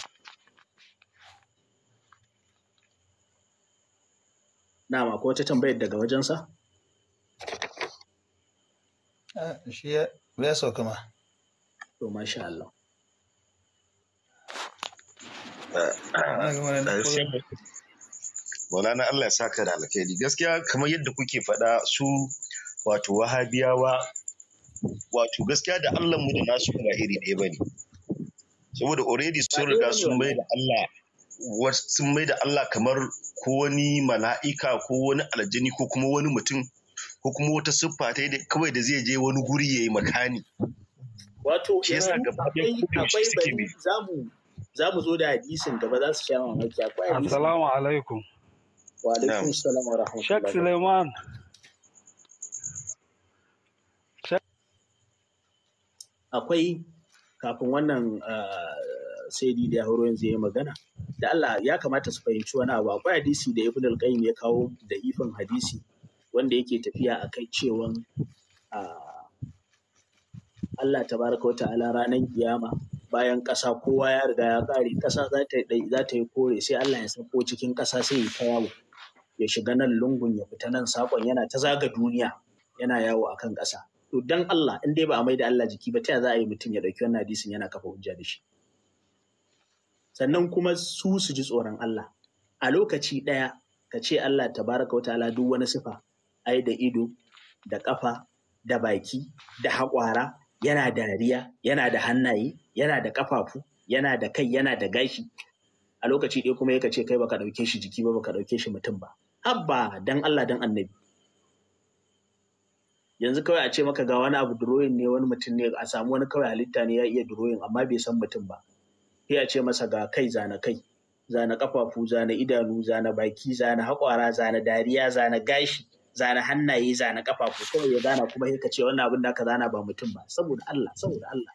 Na'am akwai wata tambayar daga wajensa? Ah, shi ya so kuma. To masha Allah. Ah, ah, na Allah ya saka da alkhairi gaskiya kamar yadda kuke faɗa su wato wahabiyawa wato gaskiya da Allah mu da nasu ba iri ɗaya bane saboda already sun riga sun mai da Allah sun mai da Allah kamar ko wani mala'ika ko wani aljini ko kuma wani mutum ko kuma wata siffa ta da kawai da zai je wani guri yayi makani wato shi yasa gaba akwai zamu zamu zo da hadisin gaba za su sha mamaki akwai assalamu alaikum wa alaikum assalam wa rahmatullahi shak Suleiman akwai kafin wannan ah, sai da ya horo yanzu ya magana da Allah ya kamata su fahimci wani abu akwai hadisi da Ibn al-Qayyim ya kawo da ifin hadisi wanda yake tafiya a kai cewan ah, Allah tabaraka wa ta'ala ranar kiyama bayan ƙasa kowa ya riga ya kare ƙasa za ta yi kore sai Allah ya sako cikin ƙasa sai ya ta yawo ya shiga nan lungun ya fita nan sakon yana ta zaga duniya yana yawo akan ƙasa to dan Allah in dai ba a mai da Allah jiki ba ta za a yi mutum ya ɗauki wannan hadisin yana kafa hujja da shi sannan kuma su su ji tsoron Allah a lokaci ɗaya ka ce Allah tabaraka wa ta'ala duk wani sifa ai da ido da kafa da baki da haƙwara yana da dariya yana da hannaye yana da kafafu yana da kai yana da gashi a lokaci ɗaya kuma ya ce kai baka ɗauke shi jiki ba baka ɗauke shi mutum ba Abba dan Allah dan annabi yanzu kawai a ce maka ga wani abu drawing ne wani mutum ne a samu wani kawai halitta ne ya iya drawing amma bai san mutum ba sai a ce masa ga kai zana kai zana kafafu zana idanu zana baki zana haƙwara zana dariya zana gashi zana hannaye zana kafafu kawai ya zana kuma sai ka ce wannan abin da aka zana ba mutum ba saboda Allah saboda Allah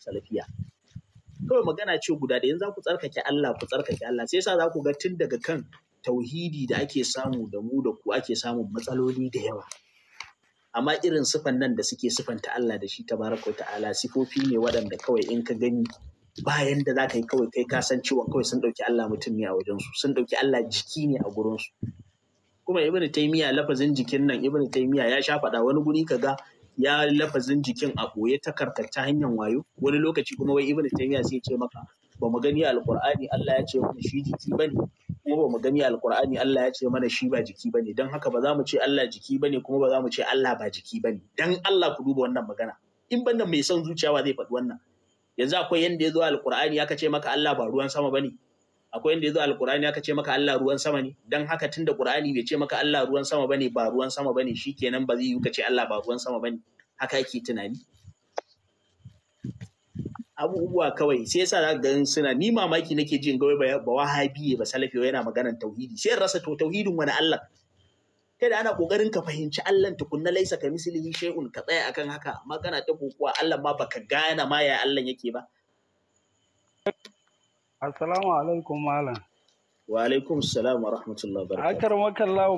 salafiya kawai magana ce guda da yanzu za ku tsarkake Allah ku tsarkake Allah sai yasa za ku ga tun daga kan tauhidi da ake samu da mu da ku ake samun matsaloli da yawa amma irin sifan nan da suke sifanta Allah da shi tabaraka wa ta'ala sifofi ne waɗanda kawai in ka gani bayan da za ka yi kawai kai ka san cewa kawai sun ɗauki Allah mutum ne a wajen su sun ɗauki Allah jiki ne a gurin su. kuma ibnu taymiya lafazin jikin nan ibnu taymiya ya sha faɗa wani guri kaga ya lafazin jikin a ɓoye ta karkata hanyar wayo wani lokaci kuma wai ibnu taymiya sai ya ce maka ba mu gani alkur'ani Allah ya ce mana shi jiki bane kuma ba mu gani alkur'ani Allah ya ce mana shi ba jiki bane don haka ba za mu ce Allah jiki bane kuma ba za mu ce Allah ba jiki bane dan Allah ku duba wannan magana in banda mai son zuciya ba zai faɗi wannan yanzu akwai yanda ya zo alkur'ani aka ce maka Allah ba ruwan sama bane akwai yanda ya zo alkur'ani aka ce maka Allah ruwan sama ne dan haka tunda qur'ani bai ce maka Allah ruwan sama bane ba ruwan sama bane shikenan ba zai yi ka ce Allah ba ruwan sama bane haka yake tunani abubuwa kawai sai yasa za ga suna ni mamaki nake jin gawai ba wahabi ba salafi yana maganar tauhidi sai rasa to tauhidin wani Allah kai da ana kokarin ka fahimci Allah tukunna laisa ka mislihi shay'un ka tsaya akan haka amma kana ta kokuwa Allah ma baka gane ma ya Allah yake ba assalamu alaikum malam Wa alaikum salam wa rahmatullahi barka. Akar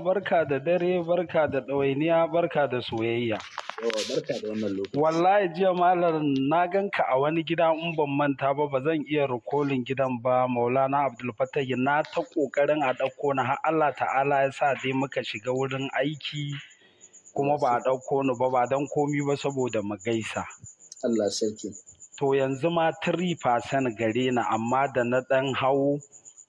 barka da dare, barka da ɗawainiya, barka da soyayya. barka da wannan lokaci. Wallahi jiya malam na ganka a wani gida in ban manta ba ba zan iya rikolin gidan ba Maulana Abdul Fattah na ta kokarin a ɗauko na har Allah ta'ala ya sa dai muka shiga wurin aiki kuma ba a ɗauko ni ba ba don komi ba saboda mu gaisa. Allah sarki. To yanzu ma 3% gare na amma da na ɗan hau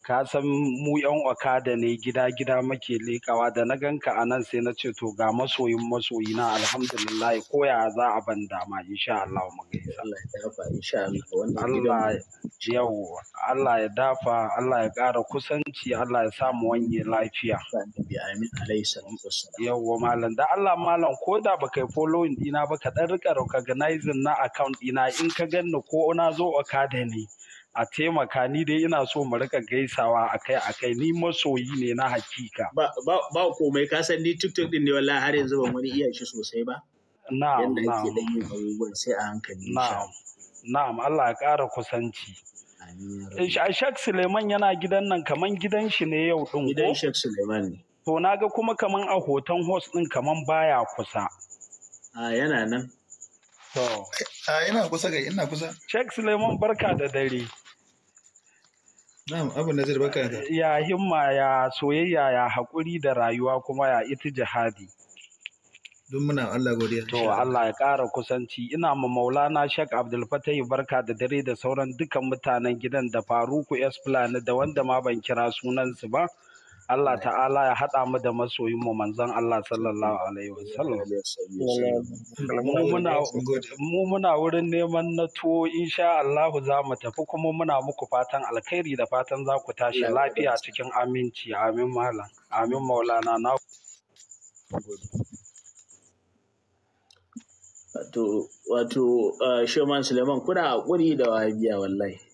ka san mu yan okada ne gida gida muke lekawa da na ganka a nan sai na ce to ga masoyin masoyi na alhamdulillah ko ya za a ban dama insha Allah mu ga Allah ya dafa insha Allah Allah yau Allah ya dafa Allah ya ƙara kusanci Allah ya sa mu wanye lafiya amin alayhi yawwa malam da Allah malam ko da baka yi following dina ba ka dan rika recognizing na account dina in ka ganni ko na zo okada ne a taimaka ni dai ina so mu rika gaisawa akai akai ni masoyi ne na hakika ba ba komai ka san ni tiktok din ne wallahi har yanzu ban wani iya shi sosai ba na'am yanda ake dan yin sai a hankali na'am na'am Allah ya ƙara kusanci Amin. Eh, Shak Suleiman yana gidan nan kaman gidan shi ne yau din gidan Shak Suleiman ne to naga kuma kaman a hoton host din kaman baya kusa a yana nan to a ina kusa ga ina kusa Sheikh Suleiman barka da dare Eh, ya himma ya soyayya ya haƙuri da rayuwa kuma ya ita jihadi. Duk muna Allah godiya. To Allah ya ƙara kusanci. Ina ma Maulana Sheikh Abdul Fatahi barka da dare da sauran dukan mutanen gidan da Faruku Esplanade da wanda ma ban kira sunansu ba. Allah ta'ala ya haɗa mu da masoyin mu manzon Allah sallallahu alaihi sallam. mu muna wurin neman na tuwo insha Allah za mu tafi kuma muna muku fatan alkhairi da fatan za ku tashi lafiya cikin aminci amin malam amin maulana na wato wato uh, Suleiman kuna haƙuri da wahabiya wallahi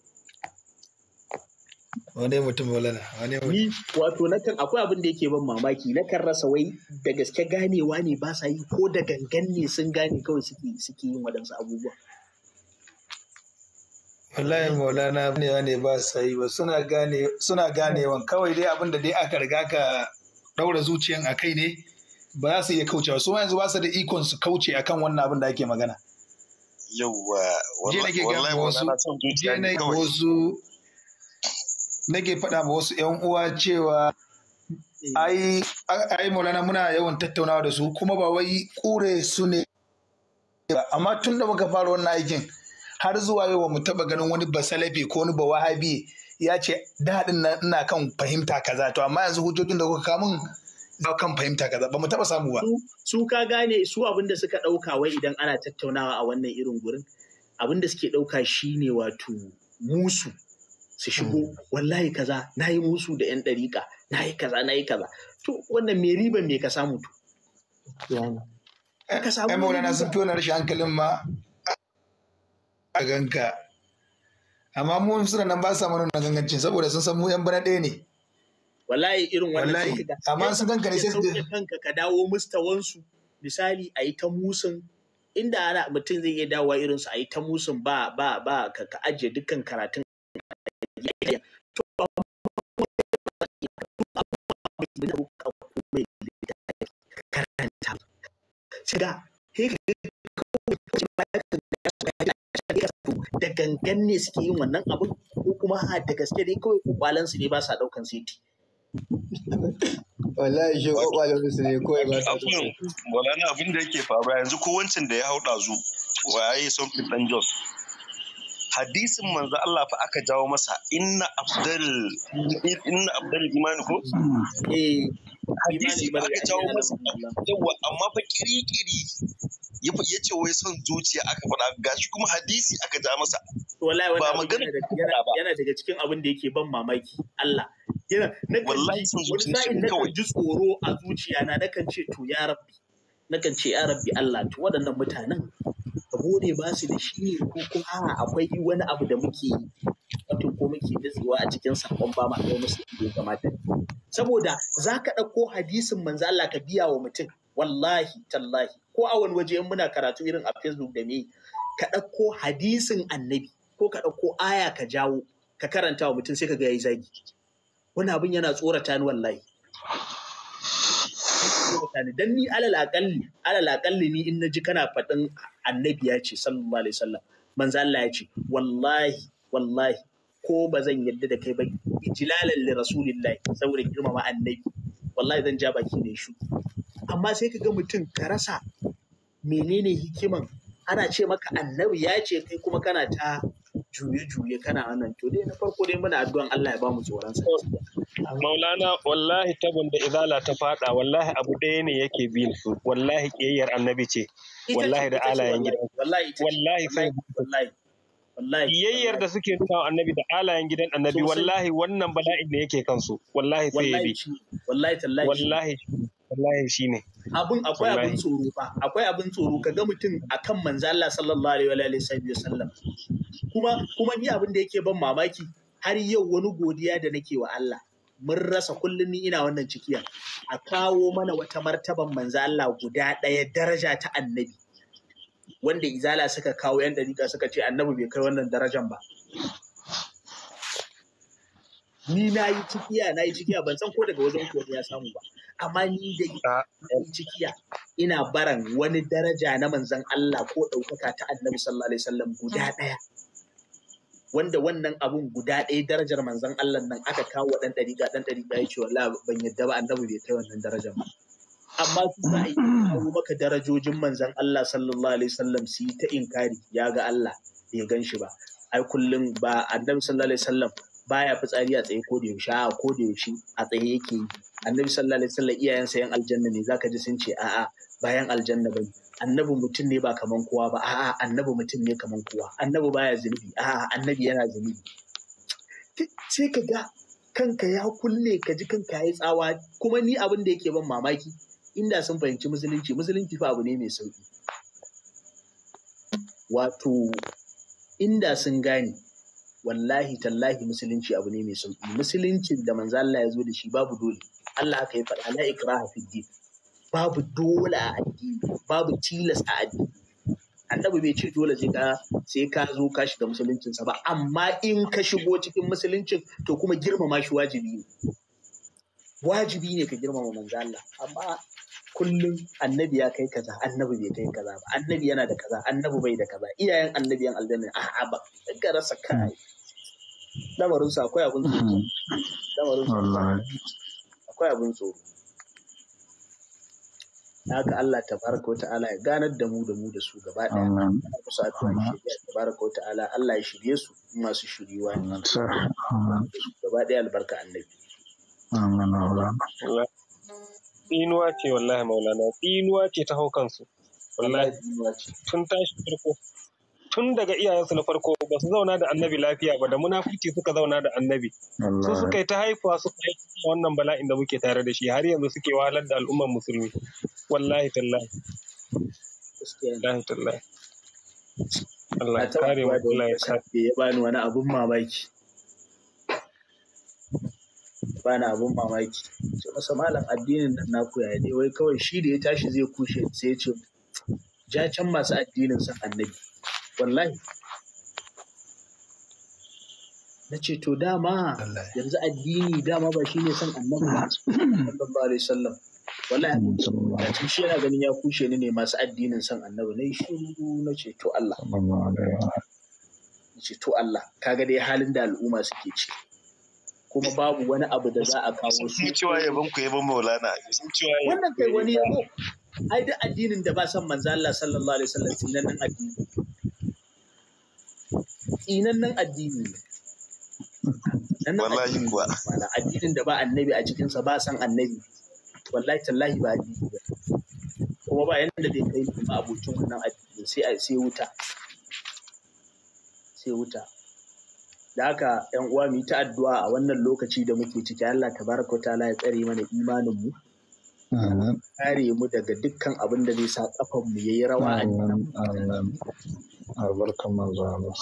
Wani mutum Maulana, wani mutum. Wato nakan akwai abin da yake ban mamaki nakan rasa wai da gaske ganewa ne ba sa yi ko da gangan ne sun gane kawai suke suke yin waɗansu abubuwa. Wallahi Maulana ganewa ne ba sa yi ba suna gane suna ganewan kawai dai abin da dai aka riga ka ɗaura zuciyan a kai ne ba za su iya kaucewa su yanzu ba su da ikon su kauce akan wannan abin da ake magana. yauwa wallahi wallahi wasu nake faɗa ma wasu ‘yan uwa cewa eh. ai maulana muna yawan tattaunawa da su kuma ba wai kure su ne ba amma tun da muka fara wannan aikin har zuwa yau mu taɓa ganin wani basalafi ko wani bawahabi ya ce daɗin na ina kan fahimta kaza to amma yanzu hujjojin da kuka kamun ba kan fahimta kaza ba mu taɓa samu ba su ka gane su abin da suka ɗauka wai idan ana tattaunawa a wannan irin gurin abin da suke ɗauka shine wato musu su mm. shigo wallahi kaza na yi musu da 'yan ɗariƙa na yi kaza na yi kaza to wannan mai riban me ka samu to ka samu ai sun tona rashin hankalin ma a ganka amma mu suna nan ba sa mana na gangancin saboda sun san mu yan bana ɗaya ne wallahi irin wannan amma sun ganka ne sai su kanka ka dawo mustawansu misali a yi ta musun inda ana mutum zai iya dawowa irinsu a yi ta musun ba ba ba ka ajiye dukkan karatun mai na rubuta ko mai littafi karanta shiga he ka da gangan ne suke yin wannan abin ko kuma a da gaske ne kawai kwalan su ne ba sa daukan seti wallahi shi kwalan su ne kawai ba sa daukan wala na abin da yake faruwa yanzu kowancin da ya hau hauda zu waye something dan jos hadisin manzo Allah fa aka jawo masa inna afdal inna afdal hmm. eh, imani ko eh hadisi ba aka jawo masa yawa amma fa kirikiri ya ya ce wai son zuciya aka faɗa gashi kuma hadisi aka jawo masa wallahi ba magana yana daga cikin abin da yake ban mamaki Allah yana wallahi son zuciya kawai ji tsoro a zuciya na nakan ce to ya rabbi nakan ce ya rabbi Allah to waɗannan mutanen rabo ne ba su da shi ne ko kuma akwai wani abu da muke yi wato ko muke a cikin sakon ba ma kai musu ido ga mata saboda za ka ɗauko hadisin manzo Allah ka biya wa mutum wallahi tallahi ko a wani waje in muna karatu irin a Facebook da me ka ɗauko hadisin annabi ko ka ɗauko aya ka jawo ka karanta wa mutum sai ka ga yayi zagi wani abin yana tsorata ni wallahi mutane dan ni alal aqalli alal aqalli ni in naji kana faɗin annabi ya ce sallallahu alaihi wasallam manzo Allah ya ce wallahi wallahi ko ba zan yadda da kai ba ijlalan li rasulillahi saboda girmama annabi wallahi zan ja baki ne shu amma sai ka ga mutum ka rasa menene hikiman ana ce maka annabi ya ce kai kuma kana ta juye-juye kana wannan to dai na farko dai muna addu'an Allah ya ba mu tsoron sa Maulana wallahi tabun da izala ta fada wallahi abu ɗaya ne yake bin su wallahi kiyayyar annabi ce wallahi da alayen gidan wallahi wallahi sai wallahi kiyayyar da suke nuna wa annabi da alayen gidan annabi wallahi wannan bala'in da yake kansu wallahi sai bi wallahi tallahi wallahi wallahi shine abun akwai abun tsoro fa akwai abun tsoro kaga mutum akan manzo Allah sallallahu alaihi wa sallam kuma kuma ni abin da yake ban mamaki har yau wani godiya da nake wa Allah mun rasa kullum ni ina wannan cikiya a kawo mana wata martaban manzo guda ɗaya daraja ta annabi wanda izala suka kawo yan ɗariƙa suka ce annabi bai kai wannan darajan ba ni na yi cikiya na yi cikiya ban san ko daga wajen ko ya samu ba amani ni da cikiya ina baran wani daraja na manzan Allah ko ɗaukaka ta annabi sallallahu alaihi wasallam guda mm. ɗaya wanda wannan abun guda ɗaya darajar manzan Allah nan aka kawo ɗan ɗariƙa ɗan ɗariƙa ya ce wallahi ban yadda ba annabi bai kai wannan darajar ba amma su za a maka darajojin manzan Allah sallallahu alaihi wasallam su yi ta inkari ya ga Allah bai gan shi ba ai kullum ba annabi sallallahu alaihi wasallam baya fitsari a tsaye ko da yaushe a ko da yaushe a tsaye yake yi annabi sallallahu alaihi wasallam iyayensa yan aljanna ne zaka ji sun ce a'a bayan aljanna ba annabi mutum ne ba kaman kowa ba a'a annabi mutum ne kaman kowa annabi baya zunubi a'a annabi yana zunubi sai ka ga kanka ya kulle ka ji kanka yayi tsawa kuma ni abin da yake ban mamaki inda sun fahimci musulunci musulunci fa abu ne mai sauki wato inda sun gane wallahi tallahi musulunci abu ne mai sauki musuluncin da manzo Allah ya zo da shi babu dole Allah aka yi faɗa la ikraha fi din babu dole a addini babu tilas a addini annabi bai ce dole sai ka sai ka zo ka shiga musuluncin sa ba amma in ka shigo cikin musuluncin to kuma girmama shi wajibi ne wajibi ne ka girmama manzo Allah amma kullum annabi ya kai kaza annabi bai kai kaza ba annabi yana da kaza annabi bai da kaza iyayen annabi yan aljanna a a ba ka rasa kai lamarin su akwai abun tsoro hmm. lamarin su akwai abun tsoro haka Allah tabaraka wa ta'ala ya ganar da mu da mu da su gaba Allah kusa addu'a shirya tabaraka wa ta'ala Allah ya shirye su masu shiriwa ne gaba daya albarka annabi amin tsinuwa ce wallahi maulana tsinuwa ce ta haukansu wallahi tun tashi farko tun daga iyayensu na farko ba su zauna da annabi lafiya ba da munafurci suka zauna da annabi su suka yi ta haifuwa suka kai wannan bala'in da muke tare da shi har yanzu suke wahalar da al'ummar musulmi wallahi tallahi wallahi tallahi Allah kare mu Allah ya kare ya bani wani abun mamaki bani abun mamaki ce masa malam addinin nan naku ya ne wai kawai shi da ya tashi zai kushe sai ya ce ja can masu addinin san annabi wallahi na ce to dama yanzu addini dama ba shi ne san annabi ba sallallahu alaihi wasallam wallahi ya ce shi yana ganin ya kushe ni ne masu addinin san annabi na yi na ce to Allah na ce to Allah kaga dai halin da al'umma suke ciki kuma babu wani abu da za a kawo shi cewa yabon ku yabon maulana wannan kai wani yabo ai duk addinin da ba san manzo Allah sallallahu alaihi wasallam nan addini nan addini wallahi kuwa addinin da ba annabi a cikinsa ba san annabi wallahi tallahi ba addini ba kuma ba yanda zai kai ba abocin wannan addini sai sai wuta sai wuta da haka yan uwa mu ta addu'a a wannan lokaci da muke ciki Allah tabaraka ta'ala ya tsare mana imanin mu kare mu daga dukkan abin da zai sa kafan mu yayi rawa a albarkan manzo Allah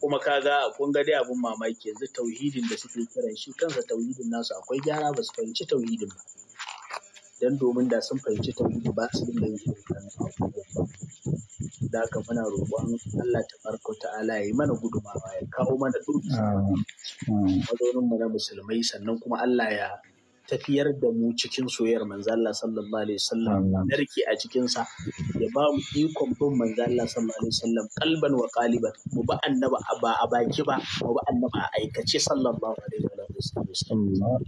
kuma kaga kun ga dai abun mamaki yanzu tauhidin da suke kiran shi kansa tauhidin nasu akwai gyara ba su fahimci tauhidin ba don domin da sun fahimci tauhidi ba su dinga yin waɗannan abubuwan da haka muna roƙon Allah ta barko ta'ala ya yi mana gudumawa ya kawo mana turki mazaunin mu na musulmai sannan kuma Allah ya tafiyar da mu cikin soyayyar manzo Allah sallallahu alaihi wasallam narke a cikin sa ya ba mu ikon bin manzo Allah sallallahu alaihi wasallam kalban wa qaliban mu ba annaba ba a baki ba mu ba annaba a aikace sallallahu alaihi wasallam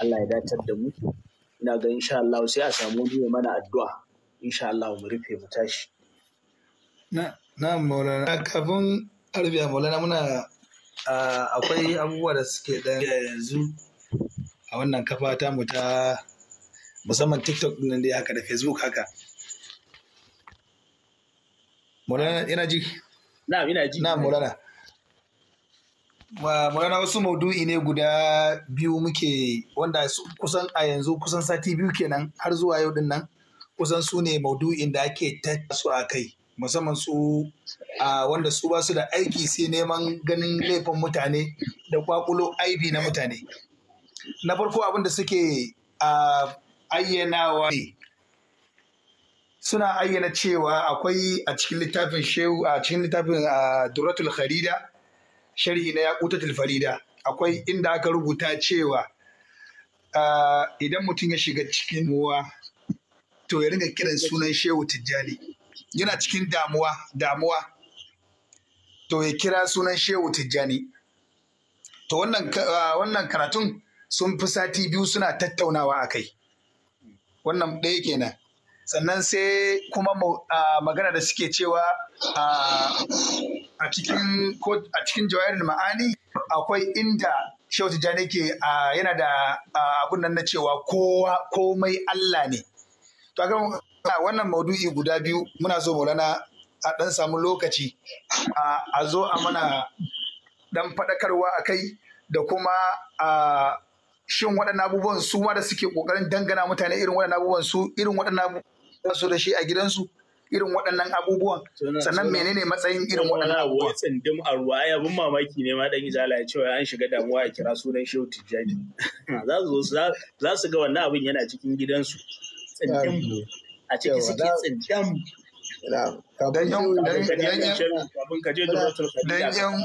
Allah ya datar da mu ina ga insha Allah sai a samu wani mana addu'a insha Allah mu rufe mu tashi na na maulana kafin arbiya maulana muna akwai abubuwa da suke da yanzu a wannan kafa ta mu ta musamman tiktok din da haka da facebook haka maulana ina ji na ina ji na maulana magana wasu maudu'i ne guda biyu muke wanda kusan a yanzu kusan sati biyu kenan har zuwa yau din nan kusan su ne maudu'in da ake su a kai musamman su wanda su basu da aiki sai neman ganin laifin mutane da kwakulo aibi na mutane na farko abin da suke ayyanawa ne suna ayyana cewa akwai cikin littafin shehu a cikin littafin duratul kharida sharhi na yaƙutatul farida akwai inda aka rubuta cewa ah, idan mutum ya shiga cikin ruwa to ya ringa kiran sunan shehu tijjani yana cikin damuwa damuwa to ya kira sunan shehu tijjani to wannan ah, karatun sun fi sati biyu suna tattaunawa a kai wannan ɗaya kenan sannan sai kuma ah, magana da suke cewa a cikin ko a cikin jawahirul ma'ani akwai inda Shehu Tijjani ke yana da abun nan na cewa kowa komai Allah ne. To a wannan maudu'i guda biyu muna so Maulana a ɗan samu lokaci a zo a mana ɗan faɗakarwa a kai da kuma a shin waɗannan abubuwan su ma da suke ƙoƙarin dangana mutane irin waɗannan abubuwan su irin waɗannan abubuwan su da shi a gidansu irin waɗannan abubuwan sannan menene matsayin irin waɗannan abubuwan tsindim a ruwa ai abin mamaki ne ma dan izala ya cewa an shiga damuwa a kira sunan shehu tijjani hmm. za su ga wannan abin yana cikin gidansu tsindim a ciki suke tsindim dan yan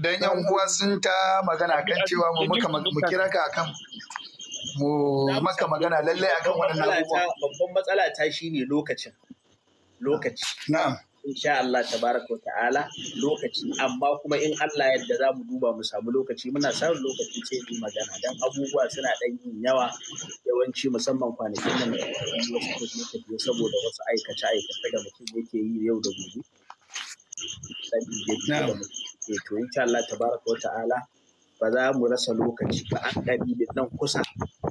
dan yan uwa sun ta magana kan cewa mu muka mu kira ka kan? mu maka magana lallai akan waɗannan abubuwa. Babban matsala ta shi ne lokacin. Lokaci. Na'am. Insha Allah tabaraka ta'ala lokaci amma kuma in Allah yadda za mu duba mu samu lokaci muna samun lokaci sai mu magana dan abubuwa suna dan yin yawa yawanci musamman kwanakin nan saboda wasu aikace aikace da mutum yake yi yau da gobe. to insha Allah tabaraka ta'ala ba za mu rasa lokaci ba an ƙari da nan kusa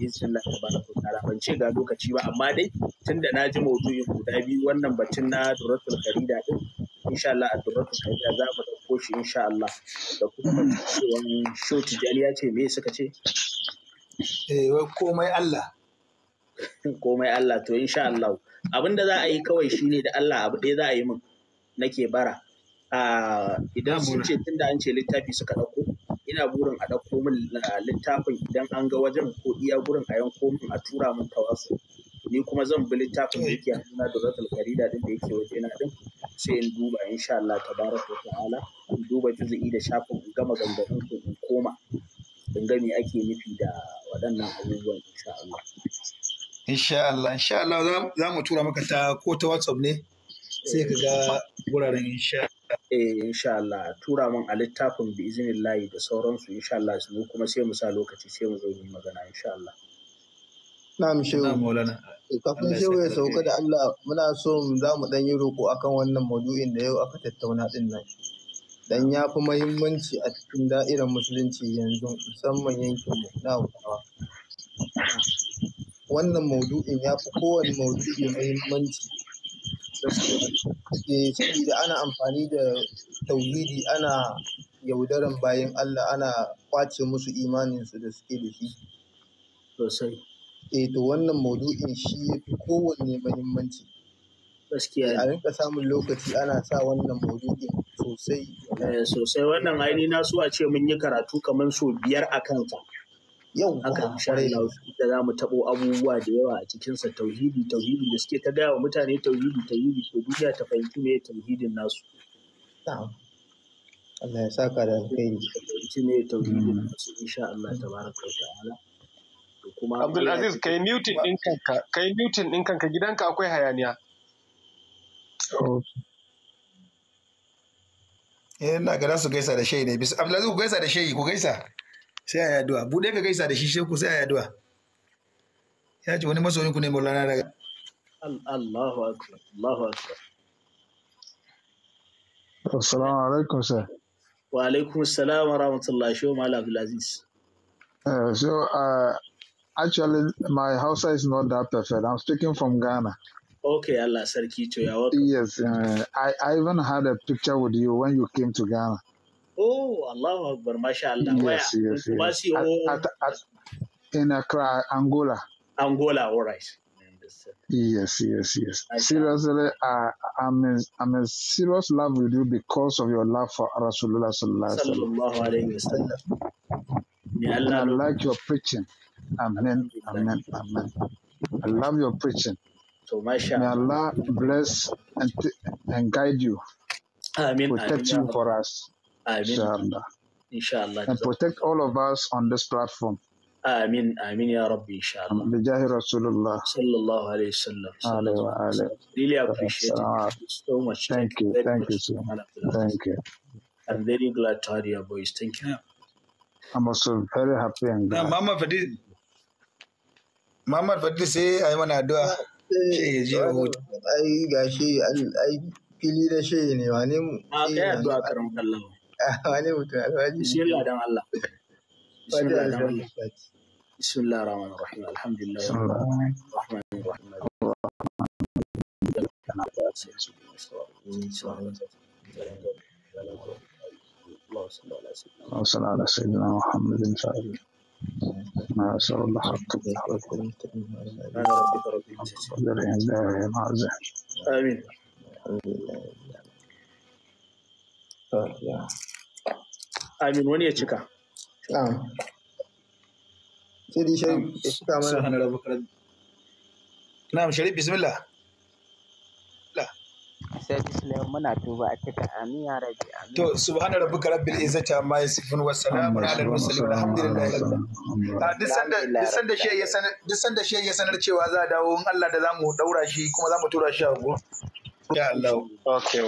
izinin ba da ta'ala ban ce ga lokaci ba amma dai tun da na ji maudu'in guda biyu wannan batun na duratul karida din insha Allah a duratul karida za mu ɗauko shi insha Allah da kuma hmm. cewa shoti jariya ce me suka ce eh komai Allah komai Allah to insha Allah abinda za a yi kawai shine da Allah abu ɗaya za a yi min nake bara ah, idan sun ce tun da an ce littafi suka ɗauko ina burin a ɗauko min ah, littafin idan an ga wajen ko iya gurin a yanko min a tura min tawasu ni kuma zan bi littafin da yake hannuna da zatul karida din da yake waje na din sai in duba insha Allah tabaraka ta'ala in duba juz'i da shafin in gama gangarin ko in koma in ga me ake nufi da waɗannan abubuwan insha Allah insha Allah insha Allah za mu tura maka ta ko ta WhatsApp ne sai ka ga wuraren insha Eh insha Allah a tura min a littafin bi iznillahi da sauransu insha Allah su kuma sai mu sa lokaci sai mu zo mu magana insha Allah. Na'am shehu. Kafin shehu ya sauka da Allah muna so za mu dan yi roko akan wannan maudu'in da yau aka tattauna din nan. Dan ya fi muhimmanci a cikin da'irar musulunci yanzu musamman yankin mu na Wannan maudu'in ya fi kowane maudu'i muhimmanci da eh, saboda ana amfani da tauhidi ana yaudaran bayan Allah, ana kwace musu imaninsu da suke da shi. Sosai. Eh, to wannan maudu'in shi ya fi kowanne mahimmanci. Gaskiya. A rinka samun lokaci ana sa wannan maudu'in sosai. Eh, sosai wannan aini na so a ce mun yi karatu kamar sau biyar a kanta. yau haka sharai da za mu tabo abubuwa da yawa a cikinsa tauhidi tauhidi da suke ta gaya wa mutane tauhidi tauhidi to duniya ta fahimci me tauhidin nasu Allah ya saka da alkhairi fahimci ne tauhidin nasu insha Allah tabaraka wa ta'ala kuma Aziz kai mutin din kanka kai mutin din kanka gidanka akwai hayaniya Eh ina ga su gaisa da shehi ne bis Aziz ku gaisa da shehi ku gaisa Say a dua. addu'a buɗe ka gaisa da shi sai ku sai a yi ya ce wani masoyin ku ne maulana daga Allahu akbar Allahu akbar Assalamualaikum sir Wa alaikum assalam wa uh, So uh, actually my Hausa is not that perfect I'm speaking from Ghana Okay, Allah Sarki, you're welcome. Yes, uh, I, I even had a picture with you when you came to Ghana. Oh, Allah, Akbar, mashallah. Yes, Where? yes, yes. At, at, at, in Accra, Angola. Angola, all right. Yes, yes, yes. I Seriously, I, am in, I'm a serious love with you because of your love for Rasulullah sallallahu alaihi wasallam. I like your preaching. Amen, amen, amen. I love your preaching. So, May Allah bless and, and guide you. Amen. Protect amen. you for us. Amin. Inshallah. Inshallah. And protect all of us on this platform. آمين آمين يا رب إن شاء الله بجاه رسول الله صلى الله really appreciate it so much thank you thank you so much thank you I'm very glad to have your voice thank you I'm also very happy and glad Now, Mama Fadi Mama Fadi sai ai mana addu'a shi ji hutu ai gashi ai fili da shi ne wane mu a ah, kai addu'a karam kallahu عليه بسم الله دام الله بسم الله الله الله الرحمن الرحيم الحمد لله الرحمن الرحيم اللهم صل على سيدنا محمد الفاتح ما أسأل الله حق بالحق قدر الله الله الزهد آمين الحمد لله amin wani ya cika na'am sai dai sharif ya cika mana na'am sharif bismillah sai muna tuba a cika amin ya rabbi amin to subhana rabbika rabbil izzati amma yasifun wa salamun ala mursalin alhamdulillahi ah, duk sanda duk shi ya sanar duk sanda shi ya sanar cewa za a dawo in Allah da za mu daura shi kuma za mu tura shi a go ya Allah okay